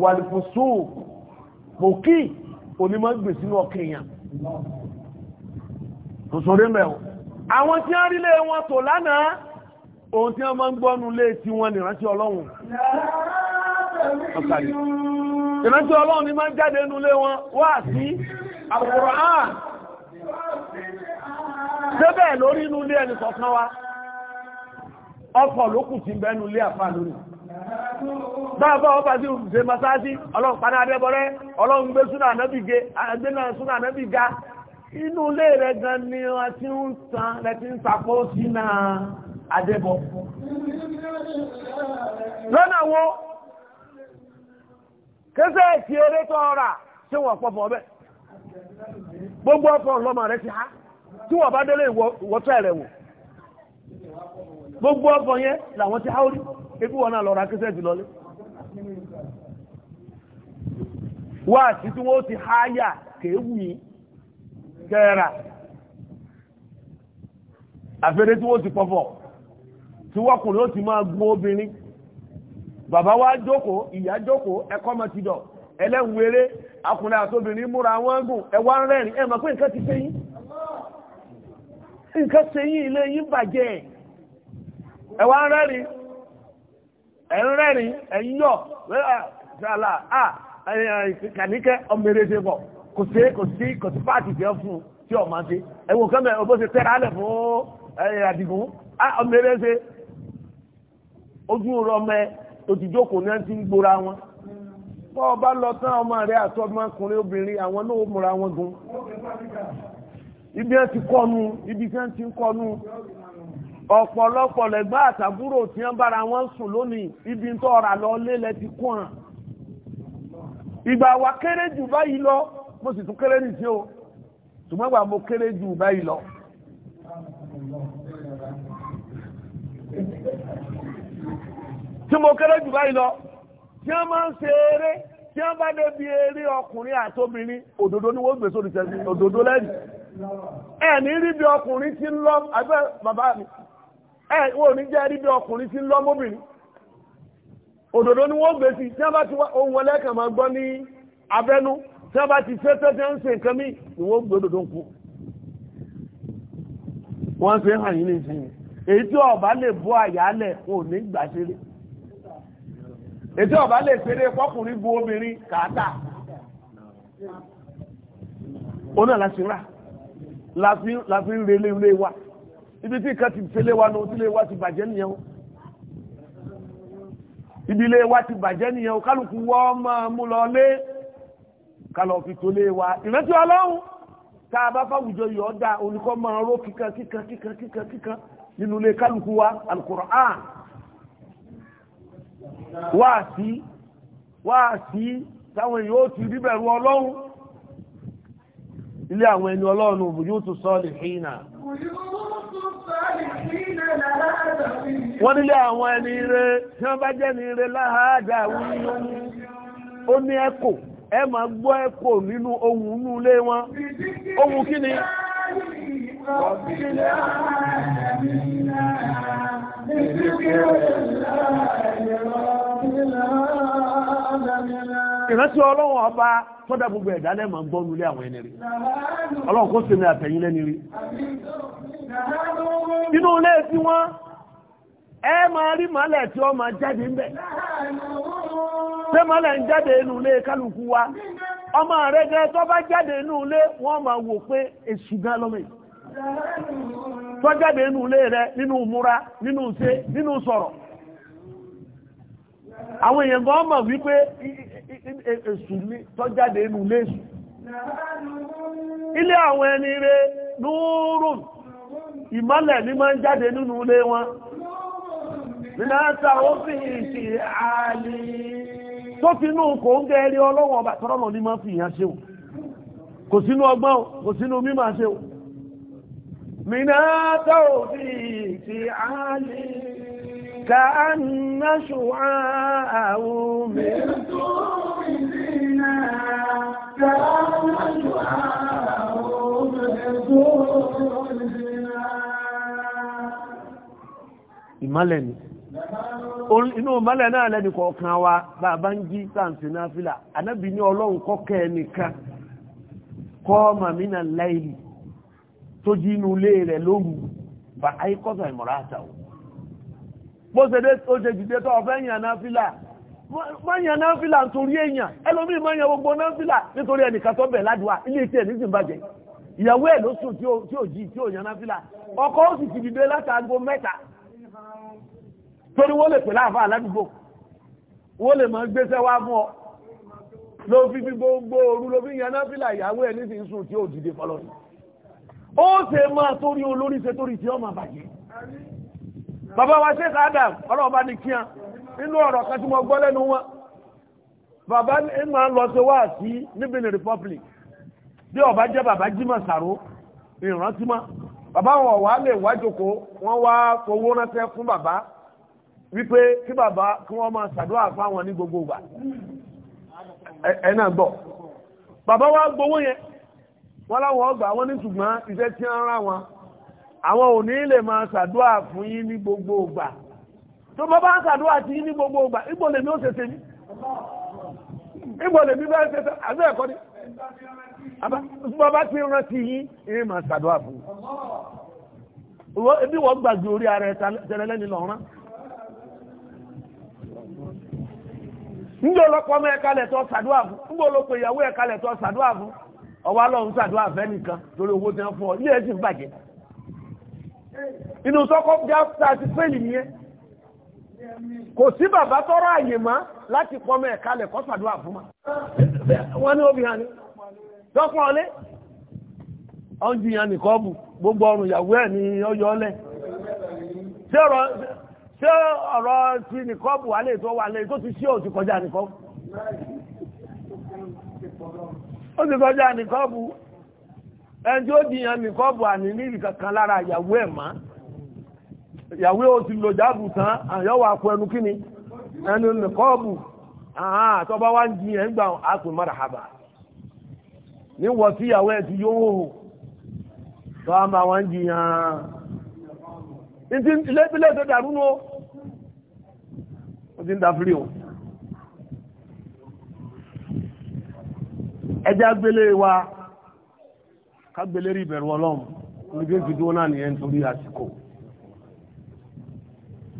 wàlùfùsù mòkí onímọ̀ kò sórí mẹ́wọ̀ àwọn tí wọ́n rílé wọn tò lánàá ohun tí wọ́n máa ń gbọ́nu lé tí wọ́n lè rántí ọlọ́run ìrántí ọlọ́run ni máa ń jáde nínú lé wọn wá sí Al-Qur'an débẹ̀ lórí inú ilé ẹni kọ̀ọ̀kan wa ọkọ̀ ló kù ti bẹ́nu ilé àfà lórí báàbá ọba sí ṣe masáájí ọlọ́run paná adẹ́bọrẹ́ ọlọ́run gbé súnà náà bí ga inú ilé rẹ̀ gan ni wọ́n ti ń san lẹ́tí ń sapọ́ sínú adébọ̀ lọ́nà wo kéṣe ti eré tó ọ̀rà tí gbogbo ọkọ̀ ọlọ́mọ rẹ̀ ti há tí wọ́n bá délé rẹ̀ wò gbogbo ọkọ̀ yẹn làwọn ti há orí ebí wọn náà lọ́ra kéṣe ti lọlé wá sí ti háyà kéwù yìí kẹ́ẹ̀rà àfẹ́rẹ́ tí wọ́n ti pọ̀fọ̀ tí wọ́kùnrin ó ti máa gún obìnrin bàbá wa jókòó ìyá jókòó ẹ̀kọ́ mọ̀ ti dọ̀ ẹlẹ́wẹ̀rẹ́ akùnrin àtobìnrin múra wọn gùn ẹwà ń rẹ́rìn pé nǹkan ti sẹ́yìn nǹkan sẹ́yìn kò sí kò sí kò sí páàkì tí ó fún tí ọ̀ máa ṣe ẹ̀wọ̀n kan bẹ̀ ọgbọ́n ṣe tẹ́ra lẹ̀ fún àdìgún ọmọ eré ṣe ojú rọ ọmọ ẹ òtìjókòó náà ti ń gbóra wọn bọ́ ọ bá lọ tán ọmọ rẹ àtọ́mọkùnrin obìnrin àwọn náà ó múra wọn gun ibi ẹ ti kọnu ibi tí wọn ti ń kọnu ọ̀pọ̀lọpọ̀ lẹ́gbẹ́ àtàbúrò tí wọ́n bára wọn sùn lónìí ibi tó ọ̀rà lọ lé lẹ ti kún àn ìgbà wa kéré jù báyìí lọ mo sì tún kéré ní sí o ṣùgbọ́n gbà mo kéré jù báyìí lọ. tí mo kéré jù báyìí lọ tí wọ́n máa ń ṣe eré tí wọ́n bá débi eré ọkùnrin àtobìnrin òdodo ni wọ́n gbé sórí tẹ̀sí òdodo lẹ́yìn ẹ̀ní rí bí ọkùnrin tí ń lọ abẹ́ bàbá mi ẹ̀ wọ́n ní jẹ́ rí ọkùnrin tí ń lọ mọ́bìnrin òdodo ni wọ́n gbé tí wọ́n bá ti ohun ẹlẹ́kàn máa gbọ́ ní abẹ́nú tí wọ́n bá ti ṣe tó ti ń ṣe nǹkan mí ìwọ́n gbọ́dọ̀ tó ń kú wọ́n ṣe hàn yín nísìnyí èyí tí ọba lè bọ́ àyálẹ̀ ò ní gbà ṣeré èyí tí ọba lè ṣeré fọkùnrin bu obìnrin kàátà ó náà láti rà láti ń relé ilé wa ibi tí kan ti ṣe lé wa nu ilé wa ti bàjẹ́ nìyẹn o ibi ilé wa ti bàjẹ́ nìyẹn o kálukú wọ́n máa mú lọ lé ká lọ fi tó lé wa ìrántí ọlọ́run tá a bá fáwùjọ yọ̀ ọ́ dáa olùkọ́ máa ró kíkan kíkan kíkan kíkan kíkan nínú ilé kálukú wa alukur'an wáàsí wáàsí táwọn èèyàn ó ti rí bẹ̀rù ọlọ́run ilé àwọn ẹni ọlọ́run òbújútù sọ́ọ̀lì hìnà wọ́n nílé àwọn ẹni ire tí wọ́n bá jẹ́ ni ire láhàájà wíyún ó ní ẹ̀kọ́ ẹ ma gbọ́ ẹ̀kọ́ nínú ohun inú ilé wọn ohun kí ni ìrántí ọlọ́run ọba tọ́dá gbogbo ẹ̀dá lẹ́ gbọ́ nulẹ̀ àwọn ẹni rí ọlọ́run kó sèmi àtẹ̀yìn lẹ́ni rí inú ilé tí wọ́n ẹ máa rí màálẹ̀ tí ọ máa jáde ń bẹ̀. ṣé màálẹ̀ ń jáde inú ilé kálukú wa ọmọ rẹ̀ gẹ́ tó bá jáde inú ilé wọ́n máa wò pé èṣù gan lọ́mọ tó jáde inú ilé rẹ̀ nínú múra nínú ṣe nínú sọ̀rọ̀ àwọn èèyàn gan mọ̀ wípé èṣù tó jáde inú ilé èṣù ilé àwọn ẹni rẹ̀ láta ó ti ali, àlè tó fi inú kò ń gẹ́rí ọlọ́wọ́n ọba tọ́rọ̀ lọ ní máa fi ìyàn ṣe o kò sínú ọgbọ́n o kò sínú mímọ̀ ṣe o mìíràn ó fi ṣe كأن شعاعه من طور زينا كأن شعاعه من طور زينا inú mọ́lẹ̀ náà lẹ́nu kọ̀ọ̀kan wa bàbá ń jí sáǹtì náà fìlà ànábì ní ọlọ́run kọ́kẹ́ ẹnìkan kọ́ màmínà láìlì tó jí inú ilé rẹ̀ lóru bá àìkọ́sọ̀ ìmọ̀ra àtàwọn bó ṣe dé tó ṣe jìde tó ọ̀fẹ́ yàn náà fìlà mọ́yàn náà fìlà nítorí èèyàn ẹlòmíì mọ́yàn gbogbo náà fìlà nítorí ọkọ ó sì ti dìde mẹ́ta torí wọ́n lè pè láàfà aládùúgbò wọ́n lè mọ́ gbéṣẹ́ wá fún ọ ló fi fi gbogbo òru ló fi yaná fílà ìyàwó ẹ̀ nísìn sùn tí ó dìde fọlọ́ ni ó ṣe máa torí olórí ṣe torí tí ó máa bàjẹ́ bàbá wa ṣe Adam ọlọ́ọ̀bá ni kíá nínú ọ̀rọ̀ kan tí mo gbọ́ lẹ́nu wọn bàbá ń máa lọ sí wá sí níbi ní Republic bí ọba jẹ́ bàbá Jímọ̀ Sàró ìrántí mọ́ bàbá wọn wà lè wájòkó wọn wá fowó ránṣẹ́ fún bàbá wípé kí bàbá kí wọ́n máa ṣàdúrà fáwọn ní gbogbo ìgbà ẹ̀nà gbọ́ bàbá wa gbowó yẹn wọ́n láwọn ọgbà wọn ní ṣùgbọ́n iṣẹ́ tí ń rán wọn àwọn ò ní lè máa ṣàdúrà fún yín ní gbogbo ìgbà tó bá bá ń ṣàdúrà tí yín ní gbogbo ìgbà ìgbò lèmi ó ṣe ṣe mí ìgbò lèmi bá ṣe ṣe àbẹ́ ẹ̀kọ́ ni bàbá tí ń rántí yín yín máa ṣàdúrà fún yín ebi wọ́n gbàgbé orí ara ẹ̀ tẹ́lẹ̀ lẹ́ni lọ́rán ńgbọ́ ọlọ́pọ̀ ọmọ ẹ̀ka lẹ̀tọ́ sàdúrà fún ńgbọ́ ọlọ́pọ̀ ìyàwó ẹ̀ka lẹ̀tọ́ sàdúrà fún ọwọ́ alọ́run sàdúrà fẹ́ nìkan torí owó tí wọ́n fún ọ ilé ẹ̀ sì inú sọ́kọ́ bí áfíà ti fẹ́lì nìyẹn kò sí bàbá tọrọ àyè má láti ọmọ ma ní obì bù gbogbo ọrùn ìyàwó ní ṣé ọ̀rọ̀ ti nìkọ́bù wálé tó wà lè tó ti ṣí ti kọjá nìkọ́bù ó ti kọjá nìkọ́bù ẹni tí ó dìyàn nìkọ́bù àní ní ìkankan lára ìyàwó ẹ̀ ìyàwó ó ti lò jáàbù tán àyọ́wò àpò ẹnu kíni ẹnu nìkọ́bù àtọ́bá wá ń jiyàn ń gbà àpò tí ìyàwó ẹ̀ ti yówó tọ́ àmà wá ń jiyàn ilé ó ti ń da fírí o ẹjẹ́ agbélé wa kágbélé rí ìbẹ̀rù ọlọ́run níbi ó fi dúró náà nìyẹn nítorí àsìkò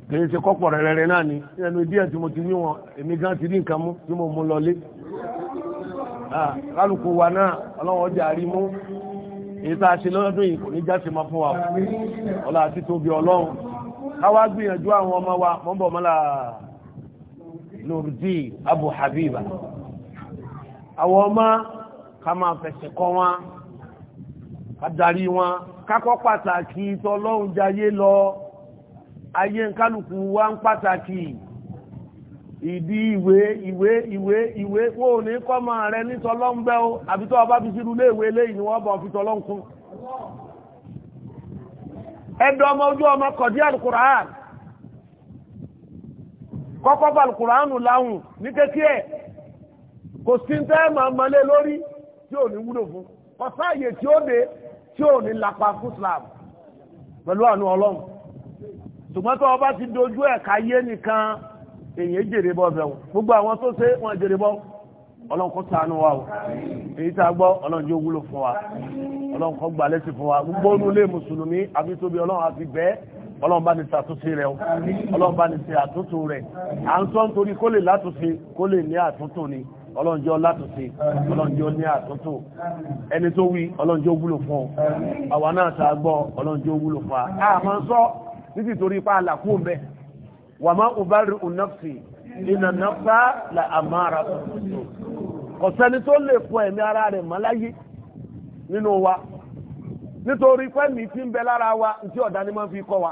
kìí ṣe kọ́pọ̀ rẹ̀rẹ̀rẹ̀ náà ni ẹnu díẹ̀ tí mo ti ní wọn èmi gan ti rí nǹkan mú tí mo mú lọlé kálukú wa náà ọlọ́wọ́ ọjà rí mú èyí tá a ṣe lọ́dún yìí kò ní jáde máa fún wa ọlọ́ àti tóbi ọlọ́run káwá gbìyànjú àwọn ọmọ wa mọ́bọ̀ mọ́lá lòdì abu habiba àwọn ọmọ ká máa fẹsẹ̀ kọ́ wọn ká darí wọn kákọ́ pàtàkì tọlọ́run jayé lọ ayé nkálukú wa ń pàtàkì ìdí ìwé ìwé ìwé ìwé wọn ò ní kọ́ máa rẹ ní tọlọ́run bẹ́ o àbí tọ́ ọba fi sírú léèwé léyìn wọ́n bọ̀ fi tọlọ́run kún ẹ̀dọ̀ ọmọ ojú ọmọ kọ̀dí kọ́kọ́ bá alukùránù láwùn ní kékeré ẹ̀ kò sí ń tẹ́ máa malé lórí tí ò ní wúlò fún kò sáàyè tí ó dé tí ò ní lapa fún Islam pẹ̀lú àánú ọlọ́run ṣùgbọ́n tó ọba ti dojú ẹ̀ káyé nìkan èyí jèrè bọ́ bẹ̀rù gbogbo àwọn tó ṣe wọn jèrè bọ́ ọlọ́run kó ṣàánú wa o èyí tá a gbọ́ ọlọ́run jẹ́ wúlò fún wa ọlọ́run kó gbà fún wa gbogbo onú ilé mùsùlùmí àfi tóbi ọlọ́run àfi bẹ́ẹ̀ ọlọ́run bá ní ṣe àtúnṣe rẹ̀ ọlọ́run bá ní ṣe àtúntò rẹ̀ à ń sọ nítorí kó lè látúnṣe kó lè ní àtúntò ni ọlọ́run jẹ́ látúnṣe ọlọ́run jẹ́ ní àtúntò ẹni tó wí ọlọ́run jẹ́ wúlò fún àwa náà ta gbọ́ ọlọ́run wúlò fún a máa ń sọ títí torí pa àlàkù mbẹ wà má ubari unafsi iná nafsa la amara kò sẹ́ni tó lè fún ẹ̀mí ara rẹ̀ mọ́ láyé nínú wa nítorí pẹ́ẹ́mì tí ń bẹ lára wa ntí ọ̀dá ni máa fi kọ́ wa.